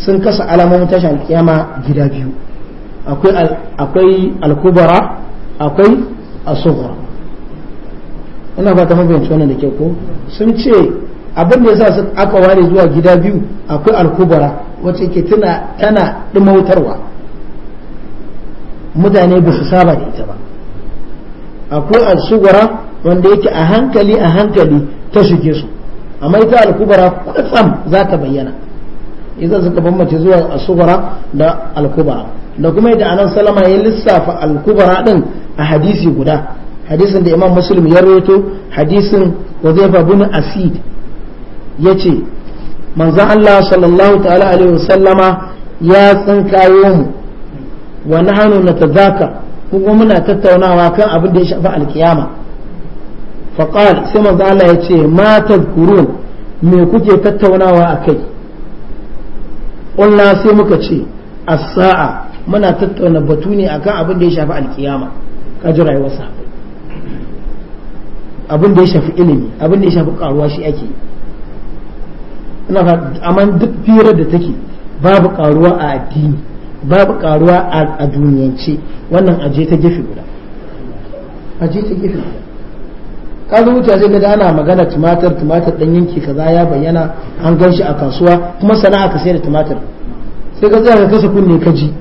sun kasa alamomin tashi alkiyama gida biyu akwai alkubara akwai asubara ina ba ta mabiyanci wannan da ke ko sun ce abin da ya sa su aka ware zuwa gida biyu akwai alkubara wacce ke tana tana dumautarwa mutane ba su saba da ita ba akwai alsugura wanda yake a hankali a hankali ta shige su amma ita alkubara kwatsam za ta bayyana idan suka bambance zuwa alsugura da alkubara da kuma yadda anan salama ya lissafa alkubara din a hadisi guda hadisin da imam muslim ya rawaito hadisin wazaifa bin asid yace manzon Allah sallallahu ta'ala alaihi wasallama ya tsinkayo mu wa nahnu natazaka kuma muna tattaunawa kan abin da ya shafi alkiyama fa sai manzon Allah yace ma tadhkurun me kuke tattaunawa akai ƙulla sai muka ce as-sa'a muna tattauna batu ne akan abin da ya shafi alkiyama ka ji rayuwar sa abin da ya shafi ilimi abin da ya shafi karuwa shi ake yi ina amma duk firar da take babu karuwa a addini babu karuwa a duniyance wannan aje ta gefe guda aje ta gefe guda ka zo wuce zai ga ana magana tumatir tumatir dan yanki kaza ya bayyana an gan shi a kasuwa kuma sana'a ka sayar da tumatir sai ka tsaya ka kasa kunne ka ji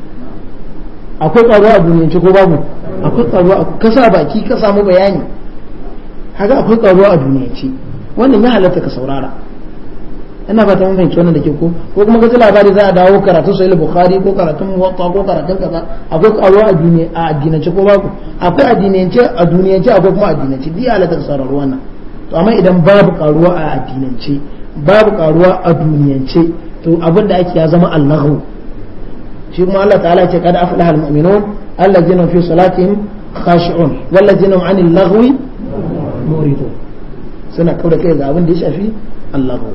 akwai karuwa a duniyance ko babu akwai karuwa ka sa baki ka samu bayani haka akwai karuwa a duniyance wannan ya halatta ka saurara ina fata mun fahimci wannan da ke ko ko kuma ka ji labari za a dawo karatun sahih bukhari ko karatun muwatta ko karatun kaza akwai karo a duniya a addinance ko babu akwai addinance a duniyance akwai kuma addinance bi halatar sarar wannan to amma idan babu ƙaruwa a addinance babu ƙaruwa a duniyance to abin da ake ya zama allahu shi kuma Allah ta'ala ce kada aflaha almu'minun allazina fi salatihim khashi'un wallazina hum 'anil laghwi muridun suna kaura kai ga abin da ya shafi allahu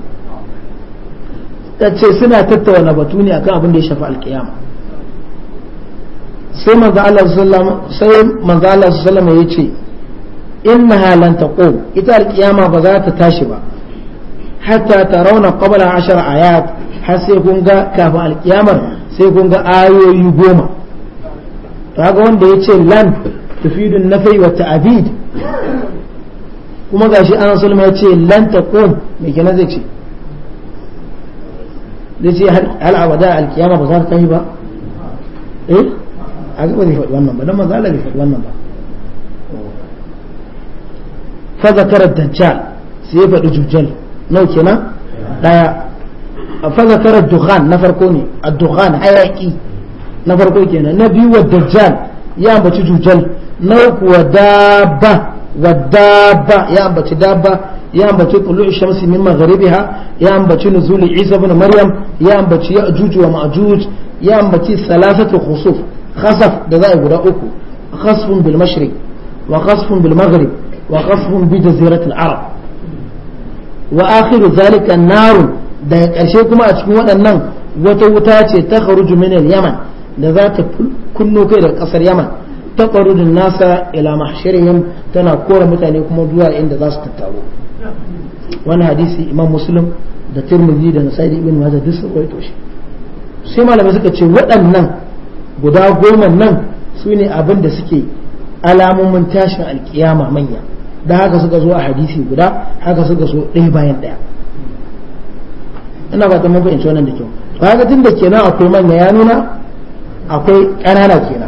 ta suna tattauna batu ne akan abin da ya shafi alkiyama sai manzo Allah sallallahu alaihi ya ce inna halan taqum ita alkiyama ba za ta tashi ba hatta tarawna qabla ashar ayat har sai kun ga kafin alkiyamar sai kun ga ayoyi goma kaga wanda ya ce lan tufidun nafai wa ta'bid kuma gashi an sallama ya ce lan taqum me kenan zai ce zai ce hal abada alkiyama ba za ta ba eh a ga zai faɗi wannan ba don faɗi wannan ba fa zakara dajjal sai ya faɗi jujjal nau kenan daya fa zakara dukhan na farko ne ad-dukhan hayaki na farko kenan na biyu wa dajjal ya ambaci jujjal na uku wa dabba wa dabba ya ambaci dabba ya ambaci tulu shamsi min magharibiha ya ambaci nuzuli isa ibn maryam ya ambaci ya'juj wa ma'juj ya ambaci salasatu khusuf khasaf da za a guda uku khasfun bil mashriq wa khasfun bil maghrib wa khasfun bi jazirat al arab wa akhiru zalika naru nar daga karshe kuma a cikin waɗannan wata wuta ce ta kharuju min al-yaman da za ta kunno kai daga ƙasar yaman taqarudun nasa ila mahshirihim tana kora mutane kuma zuwa inda za su tattaro wani hadisi imam muslim da tirmidhi da nasai da ibn majah duk sun rawaito shi sai malamai suka ce waɗannan guda goma nan su ne abin da suke alamomin tashin alkiyama manya da haka suka zo a hadisi guda haka suka zo ɗaya bayan ɗaya ina ba ta mun fahimci wannan da kyau ba ga tun da kenan akwai manya ya nuna akwai ƙanana kenan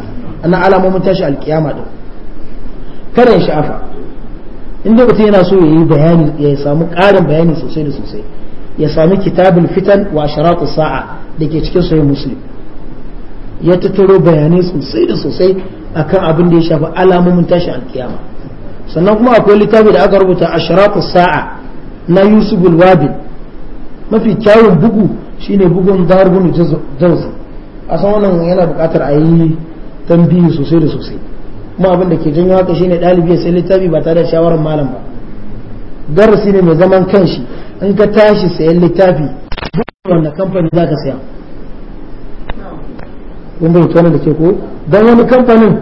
na alamomin tashi alkiyama din karin ya sha'afa inda mutum yana so ya bayani ya samu karin bayani sosai da sosai ya sami kitabul fitan wa asharatu sa'a da ke cikin sahih muslim ya tattaro bayanai sosai da sosai akan abin da ya shafi alamomin tashi alkiyama sannan kuma akwai littafi da aka rubuta asharatu sa'a na yusuf wabil mafi kyawun bugu shine bugun darbun jawzi a san wannan yana bukatar a yi tambihi sosai da sosai kuma abin da ke janyo haka shine ɗalibi ya sai littafi ba tare da shawarar malam ba darasi ne mai zaman kanshi in ka tashi sayan littafi duk wanda kamfani za ka saya kun bai tona da ke ko don wani kamfanin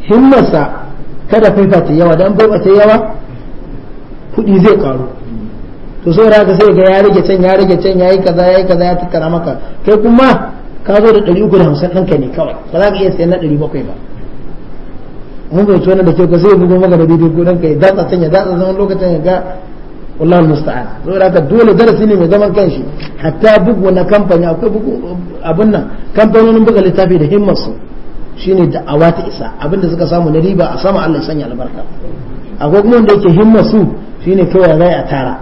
himmarsa kada faifa ta yawa don faifa ta yawa kuɗi zai karu to sai ka sai ga ya rage can ya rage can ya yi kaza ya yi kaza ya tattara maka kai kuma ka zo da ɗari uku da hamsin ɗinka ne kawai ba za ka iya sayan na ɗari bakwai ba mun bai wannan da ke ka sai bugo maka da daidai gudan ɗanka ya datsa can ya datsa zaman lokacin ya ga wallahi musta'an da haka dole darasi ne mai zaman kanshi hatta bugu na kamfani akwai bugu abin nan kamfanonin buga littafi da himmar su shine awa ta isa abinda suka samu na riba a sama Allah ya sanya albarka akwai kuma wanda yake himmar su shine kawai zai a tara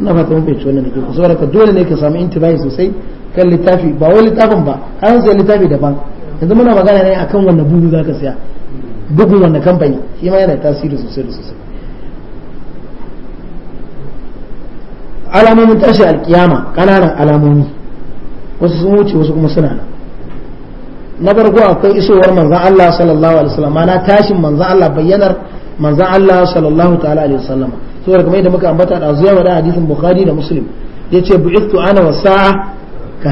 ina fata mun bai wannan da ke saboda dole ne ka samu intibai sosai kan littafi ba wani littafin ba an sai littafi daban yanzu muna magana ne akan wanne bugu zaka siya bugun wanne kamfani shi ma yana tasiri sosai da sosai alamomin tashi alkiyama kananan alamomi wasu sun wuce wasu kuma suna nan na farko akwai isowar manzan Allah sallallahu alaihi wasallam na tashin manzan Allah bayyanar manzan Allah sallallahu ta'ala alaihi wasallam to daga mai muka ambata da zuwa da hadisin bukhari da muslim yace bu'ithu ana wa sa'a ka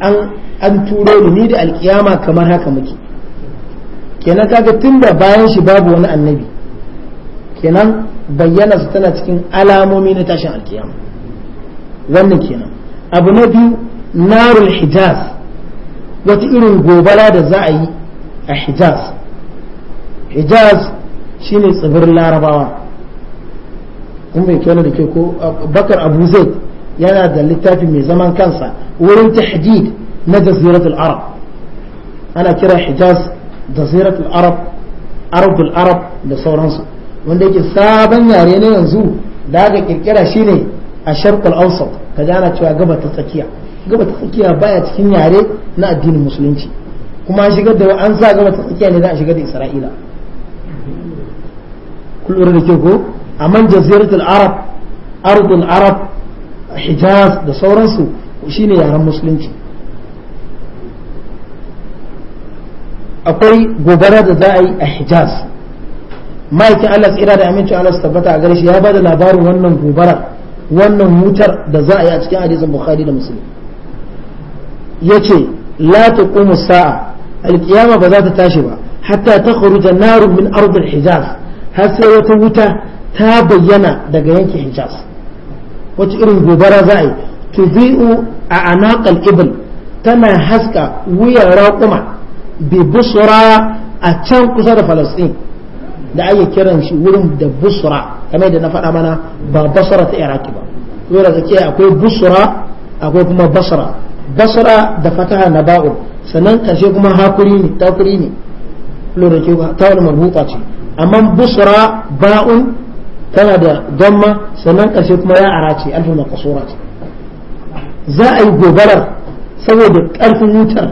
an an turo ni da alkiyama kamar haka muke kenan kaga tunda bayan shi babu wani annabi kenan bayyana su tana cikin alamomi na tashin alkiyama wannan kenan abu na biyu narul hijaz wata irin gobara da za a yi a hijaz hijaz shine tsibirin larabawa kuma bai kyau da ke ko bakar abu zaid yana da littafi mai zaman kansa wurin tahdid na jaziratul arab ana kira hijaz jaziratul arab arabul arab da sauransu wanda yake sabon yare ne yanzu da aka kirkira shine a sharqul awsat kaji ana cewa gaba ta tsakiya gaba ta tsakiya baya cikin yare na addinin musulunci kuma an shigar da an sa gaba ta tsakiya ne za a shigar da isra'ila kullum da ke ko amma jaziratul arab ardul arab hijaz da sauransu ne yaren musulunci akwai gobara da za a yi a hijaz ma'aikin allah tsira da aminci allah su tabbata a shi ya ba da labarin wannan gobara wannan wutar da za a yi a cikin hadisin bukhari da musulun ya ce la kuma sa'a alkiyama ba za ta tashi ba hatta takhruja narun min ardil hijaz har sai wata wuta ta bayyana daga yankin hijaz wata irin gobara za a yi tubi'u a anaƙal ibil tana haska wuyan raƙuma bi busura a can kusa da falastin da ake kiran shi wurin da busra kamar da na faɗa mana ba basra ta iraki ba wurin da akwai busra akwai kuma basra basra da fataha na ba'u sannan ƙarshe kuma hakuri ne takuri ne lura ke ta wani ce amma busra ba'un tana da damma sannan ƙarshe kuma ya ara ce alfa makasura ce za a yi gobarar saboda ƙarfin wutar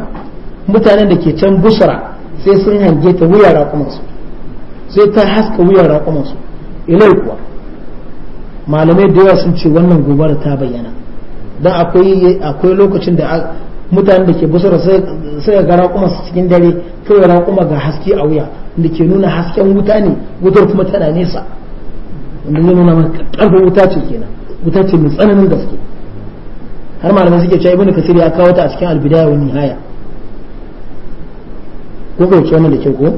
mutanen da ke can busra sai sun hange ta wuyar raƙumansu sai ta haska wuyar raƙumansu ilai kuwa malamai da yawa sun ce wannan gobarar ta bayyana don akwai lokacin da mutanen da ke busra sai ga raƙumansu cikin dare kawai raƙuma ga haske a wuya da ke nuna hasken wuta ne wutar kuma tana nesa wanda zai nuna maka karfin wuta ce kenan wuta ce mai tsananin gaske har malamai suke cewa ibnu kasir ya kawo ta a cikin albidaya wa nihaya ko bai wannan da ke ko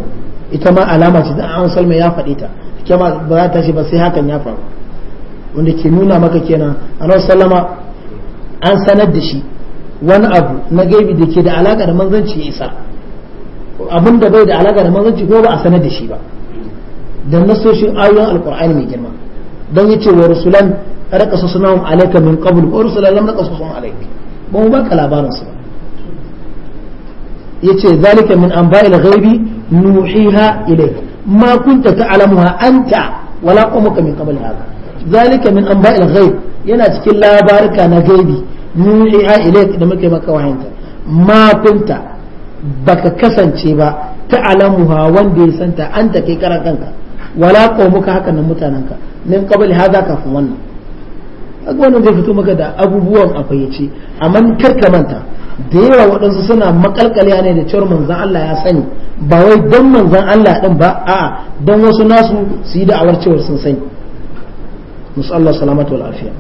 ita ma alama ce dan an salma ya faɗi ta kema ba za ta shi ba sai hakan ya faru wanda ke nuna maka kenan annabi sallama an sanar da shi wani abu na gaibi da ke da alaka da manzanci ya isa abin da bai da alaka da manzanci ko ba a sanar da shi ba da nasoshin ayoyin alkur'ani mai girma don yace wa rusulan raka su sunahum alayka min qabl wa rusulan lam raka su alayka ba mu baka labarin su yace zalika min anba'il ghaibi nuhiha ilayka ma kunta ta'lamuha anta wala qawmuka min qabl hada zalika min anba'il ghaib yana cikin labarka na gaibi nuhiha ilayka da muke maka wahayinta ma kunta baka kasance ba ta'lamuha wanda ya santa anta kai karan kanka wala muka haka nan mutananka min qabli hadha kafin wannan haka wannan zai fito maka da abubuwan a fayyace amma kar ka manta da yawa waɗansu suna makalkaliya ne da cewar manzan Allah ya sani ba wai don manzan Allah ɗin ba a don wasu nasu su yi da'awar cewar sun sani musu Allah salamatu wal lafiya.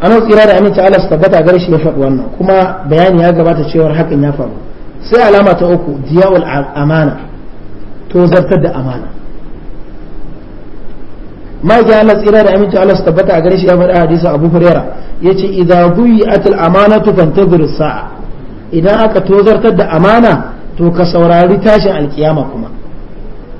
an tsira da aminta Allah su tabbata gare shi ya faɗi wannan kuma bayani ya gabata cewar hakan ya faru sai alama ta uku diyawul amana tozartar da amana ma ga Allah tsira da aminci Allah su tabbata a gare shi ya faɗa hadisi Abu ya ce idza dhuyat al amanatu fantazir sa'a idan aka tozartar da amana to ka saurari tashin alkiyama kuma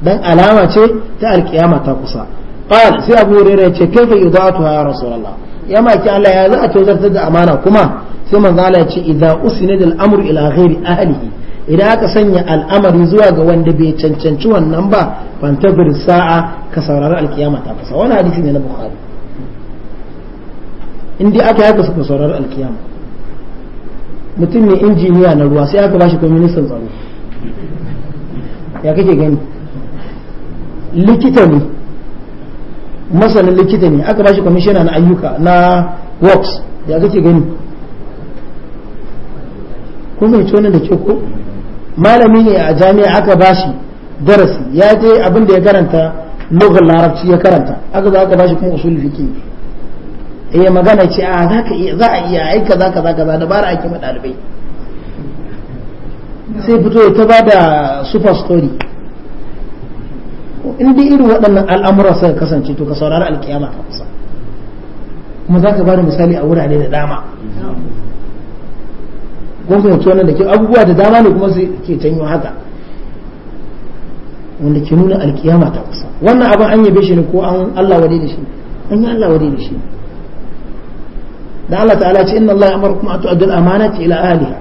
dan alama ce ta alkiyama ta kusa qal sai Abu ya yace kaifa yudatuha ya rasulullah ya maki Allah ya za a tozartar da amana kuma sai manzo Allah yace idza usnida amru ila ghairi ahlihi idan aka sanya al'amari zuwa ga wanda bai cancanci wannan ba fantabir sa'a ka saurari alkiyama ta fasa wani hadisi ne na bukhari inda aka yaka suka saurari alkiyama mutum ne injiniya na ruwa sai aka bashi kuma ministan tsaro ya kake gani likita ne masanin likita ne aka bashi kwamishina na ayyuka na works ya kake gani kun fahimci wannan da ke ko malami ne a jami'a aka bashi darasi ya je abin da ya karanta lugar larabci ya karanta aka zo aka bashi kuma usul fiqi eh magana ce a ah, za iya za a iya ai kaza dabara ake ma dalibai sai fito ta ba da super story in dai irin waɗannan al'amura suka kasance to ka saurari alkiyama ka kusa kuma za ka ba da misali a wurare da dama kuma fahimci wannan da ke abubuwa da dama ne kuma su ke tanyo haka wanda ke nuna alkiyama ta kusa wannan abin an yabe shi ne ko an Allah wade da shi an yi Allah wade da shi da Allah ta'ala ce inna Allah amara kuma a atu'addu al-amanati ila ahliha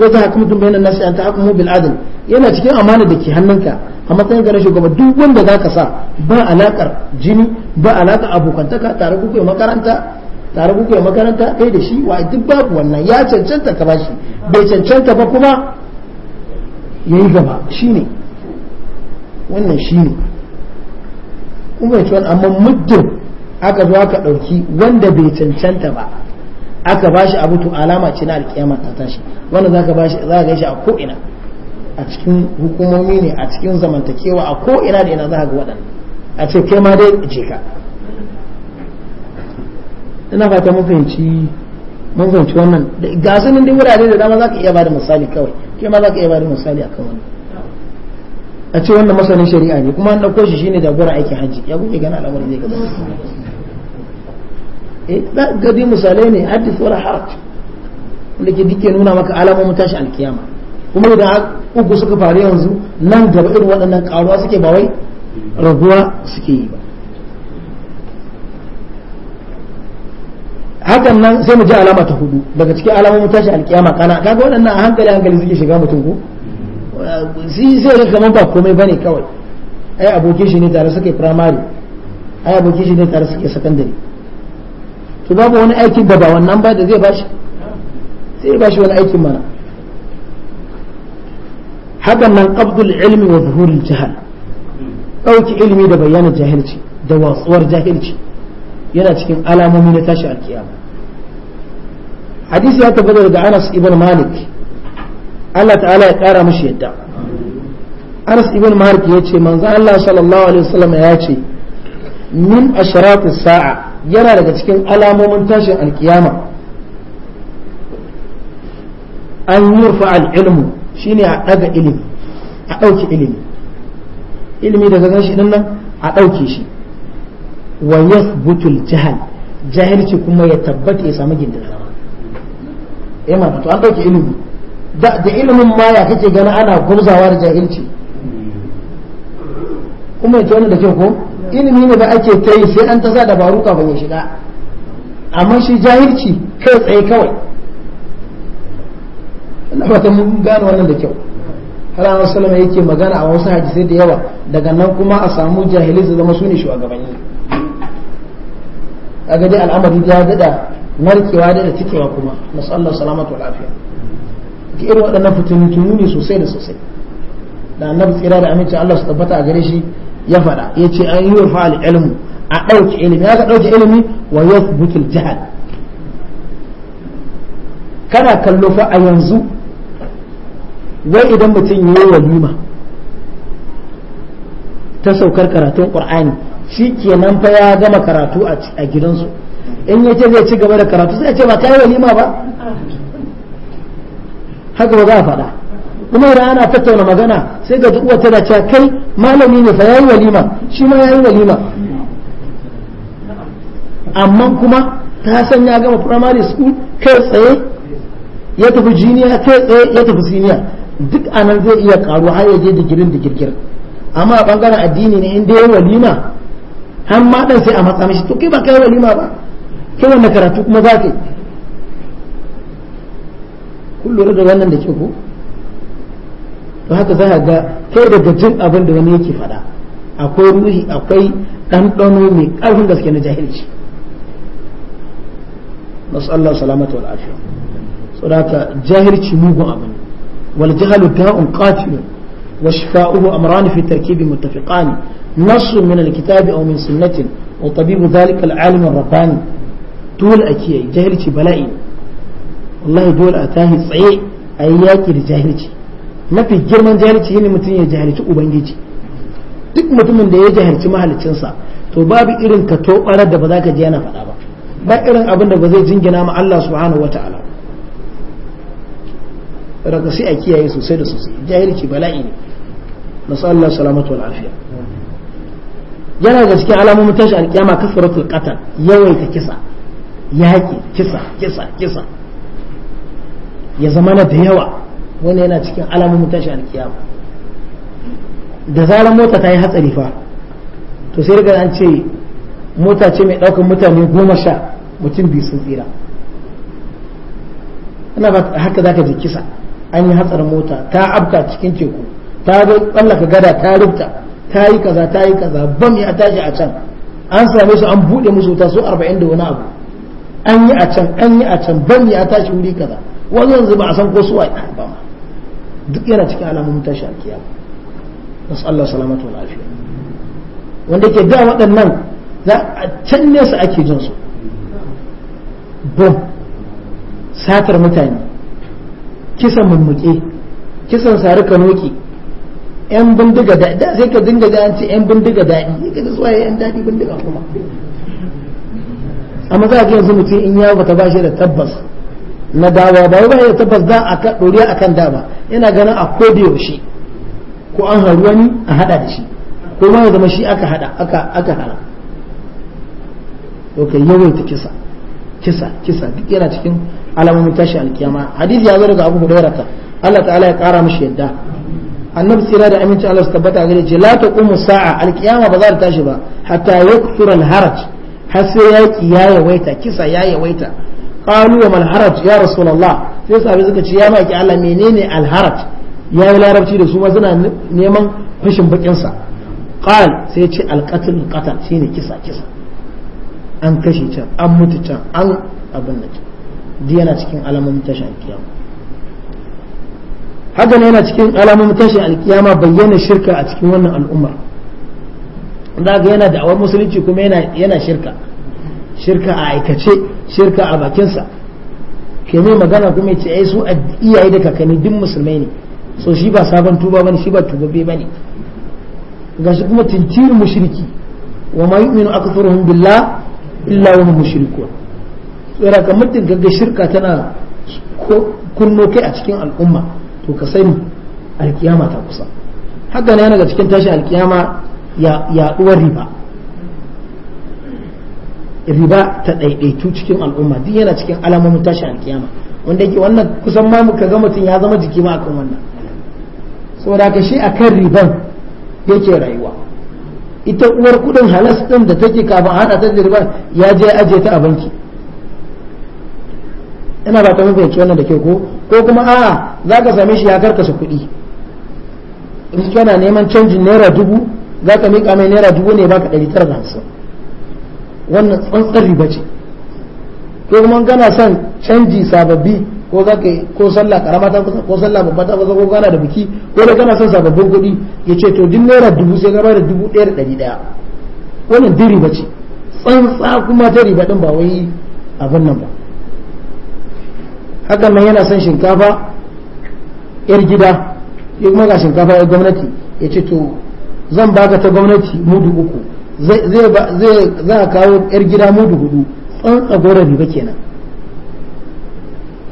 wa tahkumtum bainan nasi an tahkumu bil adl yana cikin amana da ke hannunka a matsayin garin shugaba duk wanda zaka sa ba alakar jini ba alakar abokantaka tare kuke makaranta tare kuke makaranta kai da shi wa duk babu wannan ya cancanta ka bashi bai cancanta ba kuma yayi gaba shine wannan shine kuma yace amma muddin aka zo aka dauki wanda bai cancanta ba aka bashi abu to alama ce na alƙiyama ta tashi wannan zaka bashi zaka gaishe a ko ina a cikin hukumomi ne a cikin zamantakewa a ko ina da ina za ga waɗannan a ce kai ma dai je ka ina fata mun fahimci mun fahimci wannan ga sanin dai wurare da dama zaka iya bada misali kawai ke ma zaka iya bada misali akan wannan a ce wannan masanin shari'a ne kuma an dauko shi shine gura aikin hajji ya kuke gana al'amari zai gaba eh za ga dai misalai ne hadith wala haraj wanda ke dike nuna maka alamomin tashi alkiyama kuma idan uku suka faru yanzu nan gaba irin waɗannan karuwa suke ba wai raguwa suke yi ba hakan nan sai mu ji alama ta hudu daga cikin alamomin tashi alkiyama kana kaga waɗannan a hankali hankali suke shiga mutum ko sai sai kamar ba komai bane kawai ai abokin shi ne tare suke primary ai abokin shi ne tare suke secondary to babu wani aikin da ba wannan ba da zai bashi sai bashi wani aikin mana hakan nan qabdul ilmi wa zuhurul jahal dauki ilmi da bayyana jahilci da watsuwar jahilci yana cikin alamomi na tashi alkiyama hadisi ya tabbata daga Anas ibn Malik Allah ta'ala ya kara mashi yadda Anas ibn Malik ya ce manzo Allah sallallahu alaihi wasallam ya ce min ashratis sa'a yana daga cikin alamomin tashin alkiyama an yurfa al-ilmu shine a daga ilimi a dauki ilimi ilimi daga ganin shi dinnan a dauke shi wa butul jahal jahilci kuma ya tabbata ya samu gindin zama eh ma to an ɗauki ilimi da da ilimin ma ya kake gani ana gurzawa da jahilci kuma yace wannan da kyau ko ilimi ne da ake ta yi sai an ta sa dabaru kafin ya shiga amma shi jahilci kai tsaye kawai na fata mun gane wannan da kyau har an sallama yake magana a wasu hadisai da yawa daga nan kuma a samu jahilai zama su ne shugabanni kaga dai al'amari ya dada markewa da cikewa kuma masu Allah salamatu wa lafiya ki irin waɗannan fitintunu ne sosai da sosai da annabi tsira da aminci Allah su tabbata a gare shi ya faɗa ya ce an yi wa fa'al ilmu a ɗauki ilimi ya ka ɗauki ilimi wa yathbutul jahal kana kallo fa a yanzu wai idan mutum yi walima ta saukar karatun ƙur'ani shi kenan fa ya gama karatu a gidansu in ya zai ci gaba da karatu sai yace ce ba ta yi walima ba haka ba za a faɗa kuma yana ana tattauna magana sai ga duk tana cewa kai malami ne fa yayi walima shi ma yayi walima amma kuma ta san ya gama primary school kai tsaye ya tafi jiniya kai tsaye ya tafi siniya duk anan zai iya karu har ya je digirin digirgir amma a bangaren addini ne in yi walima an ma dan sai a matsa mishi to kai ba kai walima ba kai wannan karatu kuma za ka kun lura da wannan da ke ko to haka za ka ga kai daga jin abin da wani yake faɗa akwai ruhi akwai ɗanɗano mai ƙarfin gaske na jahilci masu Allah salamata wal afiya saboda jahilci mugun abu ne wal jahalu da'un qatilun wa shifa'uhu amran fi tarkibi muttafiqani نص من الكتاب أو من سنة وطبيب ذلك العالم الرباني دول أكي جاهلتي بلائي والله دول أتاهي صعي أياكي لجاهلتي ما في جرمان جاهلتي هنا متين جاهلتي أبنجيتي duk mutumin da ya jahilci mahalicinsa to babu irin ka tobarar da ba za ka ji yana faɗa ba ba irin abin da ba zai jingina ma Allah subhanahu wata'ala daga sai a kiyaye sosai da sosai jahilci bala'i ne nasu Allah salamatu wal afiya yana da cikin alamomin tashi alkiyama kasratul qatl yawaita kisa yaki kisa kisa kisa ya zama na da yawa wani yana cikin alamomin tashi alkiyama da zarar mota ta yi hatsari fa to sai daga an ce mota ce mai ɗaukar mutane goma sha mutum biyu sun tsira ina ba haka zaka ji kisa an yi hatsarin mota ta abka cikin teku ta tsallaka gada ta rubta ta yi kaza ta yi kaza bam ya tashi a can an same su an buɗe musu wuta su arba'in da wani abu an yi a can an yi a can bam ya tashi wuri kaza wani yanzu ba a san ko su a ah, ba ma duk yana cikin alamomin tashi a kiyama nasu Allah salamatu wa lafiya wanda ke da waɗannan za a can nesa ake jin su bom satar mutane kisan mummuke kisan sari kanoki yan bindiga daɗi da sai ka dinga ga an ce yan bindiga daɗi ka da suwaye yan daɗi bindiga kuma amma za ka yanzu mutum in yawo ta bashi da tabbas na dawa ba ba ya tabbas da aka doriya akan dama yana ganin a da yaushe ko an haru wani a hada da shi ko ma ya zama shi aka hada aka aka hada to kai yawaita kisa kisa kisa duk yana cikin alamomin tashi alkiyama hadisi ya zo daga Abu Hurairah Allah ta'ala ya kara mishi yadda annabi tsira da aminci Allah su tabbata gare ce la ta taqumu sa'a alkiyama ba za ta tashi ba hatta yakthura alharaj har sai yaki ya yawaita kisa ya yawaita qalu wa ya rasulullah sai sahabbai suka ce ya maki Allah menene alharaj ya yi larabci da su ma suna neman fashin bakin sa qal sai ce alqatl qatl shine kisa kisa an kashe can an mutu can an abin da ke yana cikin alamomin tashin kiyama haka yana cikin alamomin tashin alkiyama bayyana shirka a cikin wannan al'umma da ga yana da'awar musulunci kuma yana shirka shirka a aikace shirka a bakinsa ke mai magana kuma ce ai su iyaye da kakanni duk musulmai ne so shi ba sabon tuba bane shi ba tubabbe bane shi kuma tintiru mushriki wa ma yu'minu aktharuhum billah illa wa mushrikun tsira kamar tinka ga shirka tana kunno kai a cikin al'umma to ka sani alkiyama ta kusa haka na daga cikin tashin alkiyama yaɗuwar riba riba ta ɗaiɗaitu cikin al'umma duk yana cikin alamomin tashin alkiyama wanda yake wannan kusan ma muka ga mutum ya zama jiki ma akan wannan saboda ka shi akan riban yake rayuwa ita uwar kudin halas din da take kafin a hada ta riban ya je aje ta a banki ina ba ta mun fahimci wannan da ke ko ko kuma a'a za ka same shi ya karkasa kuɗi in kana neman canjin naira dubu za ka miƙa mai naira dubu ne baka ɗari tara da hamsin wannan tsantsar riba ce ko kuma kana son canji sababbi ko za ka ko sallah karama ta kusa ko sallah babba ta kusa ko kana da biki ko da kana son sababbin kuɗi ya ce to duk naira dubu sai ka da dubu ɗaya da ɗari ɗaya wannan duk riba ce tsantsa kuma ta riba ɗin ba wai abin nan ba hakan nan yana son shinkafa yar gida ya kuma ga shinkafa yar gwamnati ya ce to zan baka ta gwamnati mudu uku zai za a kawo yar gida mudu hudu tsan gora riba kenan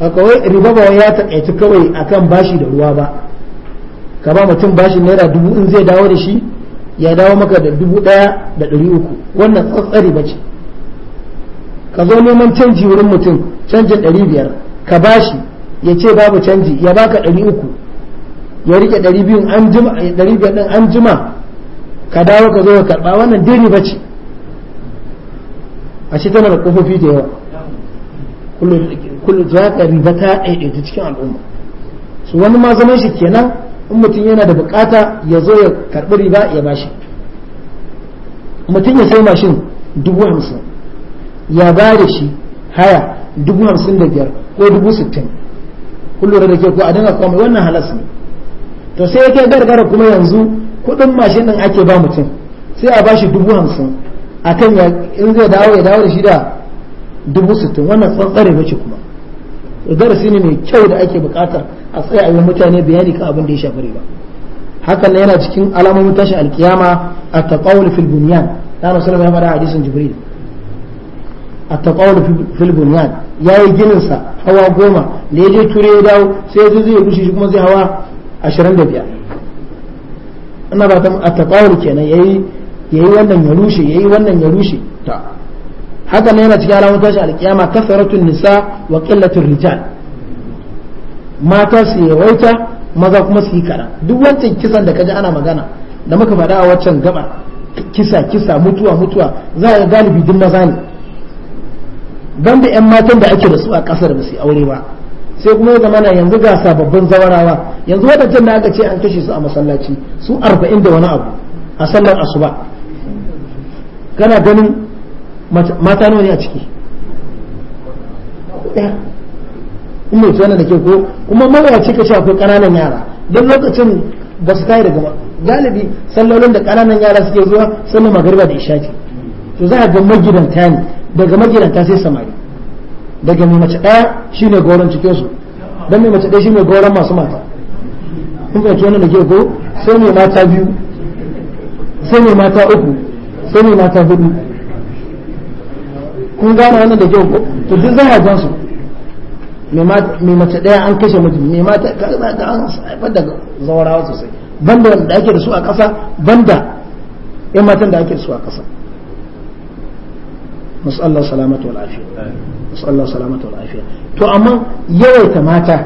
a kawai riba ba ya taƙaita kawai akan bashi da ruwa ba ka ba mutum bashi naira dubu in zai dawo da shi ya dawo maka da dubu ɗaya da ɗari uku wannan tsatsari ba ce ka zo neman canji wurin mutum canjin ɗari biyar ka bashi ya ce babu canji ya baka ɗari uku ya rike ɗari biyun an jima ɗari biyar ɗin an jima ka dawo ka zo ka karɓa wannan dai ba ce a ce tana da ƙofofi da yawa kullum za ka riba ta ɗaiɗaita cikin al'umma su wani ma zaman shi kenan in mutum yana da bukata ya zo ya karɓi riba ya bashi mutum ya sai mashin dubu hamsin ya ba da shi haya dubu hamsin da biyar ko dubu sittin da ke ko a dinga komai wannan halas ne to sai yake gargara kuma yanzu kuɗin mashin ɗin ake ba mutum sai a bashi dubu hamsin a kan in zai dawo ya dawo da shi da dubu sittin wannan tsantsare mace kuma darasi ne mai kyau da ake buƙatar a tsaya a yi mutane bayani kan abin da ya shafi riba hakan na yana cikin alamomin tashin alkiyama a taƙawul fil bunyan ta rasulullah ya faɗa hadisin jibril a taƙawar filbunyan ya yi gininsa hawa goma da ya je ture ya dawo sai ya zai rushe kuma zai hawa ashirin da biyar ina a kenan ya yi wannan ya rushe ya wannan ya rushe ta haka ne yana cikin alamun tashi alkiyama kasaratun nisa wa ƙillatun rijal mata su yawaita maza kuma su yi duk wancan kisan da kaji ana magana da muka faɗa a waccan gaba kisa kisa mutuwa mutuwa za a galibi duk maza ne don da 'yan matan da ake da su a kasar ba su aure ba sai kuma ya zamana yanzu ga sababbin zawarawa yanzu wadancan da aka ce an kashe su a masallaci su arba'in da wani abu a sallar asuba kana ganin mata nawa ne a ciki in mai da ke ko kuma ce ka akwai ƙananan yara don lokacin ba su tayi daga galibi sallolin da ƙananan yara suke zuwa sallar magariba da isha to za a ga magidanta ne daga magidanta sai samari daga mai mace ɗaya shine goron cikin su dan mai mace ɗaya shine goron masu mata in fahimci wannan da ke go sai mai mata biyu sai mai mata uku sai mai mata hudu kun gane wannan da ke go to duk za hajjan su mai mace ɗaya an kashe mutum mai mata kaza da an saifar da zawarawa sosai banda da ake da su a ƙasa banda 'yan matan da ake da su a ƙasa musu Allah salamata wal afiya musu Allah salamata wal afiya to amma yawaita mata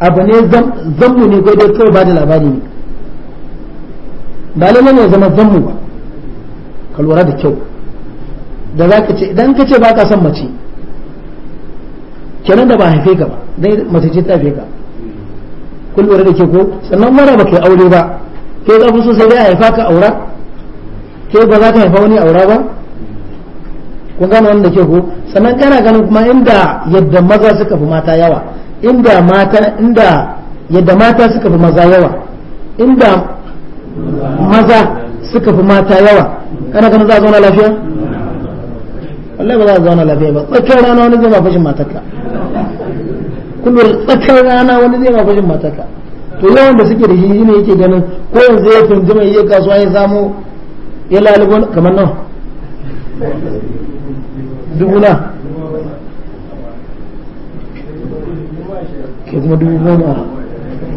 abu ne zammu ne ko dai kawai ba da labari ne ba lalle ne zama zammu ba ka lura da kyau da za ka ce idan ka ce ba ka son mace kenan da ba haife ka ba dai mace ce ta haife ka kun lura da ke ko sannan mara ba kai aure ba kai ka fi so sai dai a haifa ka aura kai ba za ka haifa wani aura ba kun gane wanda ke ko sannan kana ganin kuma inda yadda maza suka fi mata yawa inda mata inda yadda mata suka fi maza yawa inda maza suka fi mata yawa kana ganin za a zauna lafiya wallahi ba za a zauna lafiya ba tsakiyar rana wani zai ma fashin matarka kuma tsakiyar rana wani zai ma fashin matarka to yawan da suke da shi ne yake ganin ko yanzu ya tunzuma mai kasuwa ya samu ya lalubo kamar nan dubu na ke kuma dubu goma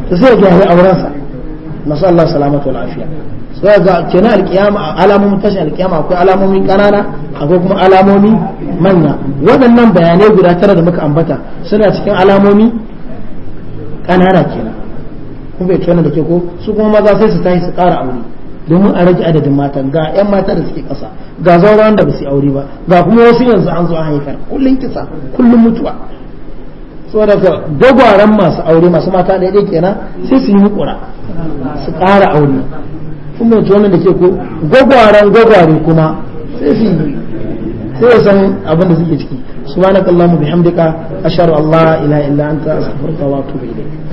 ta sai ga ya aurensa masu Allah salamatu wa lafiya sai ga kenan alkiyama alamomin tashin alkiyama akwai alamomi kanana akwai kuma alamomi manya waɗannan bayanai guda tara da muka ambata suna cikin alamomi kanana kenan kuma bai tona da ke ko su kuma maza sai su tashi su ƙara aure domin a rage adadin matan ga 'yan mata da suke ƙasa ga zauren da ba su aure ba ga kuma wasu yanzu an zo haifar kullum kisa kullum mutuwa saboda ka dogwaran masu aure masu mata da yake kenan sai su yi hukura su ƙara aure kuma yanzu wannan da ke ko gwagwaran gwagware kuma sai su yi sai san abin da suke ciki subhanakallahumma bihamdika ashhadu an la ilaha illa anta astaghfiruka wa atubu ilayk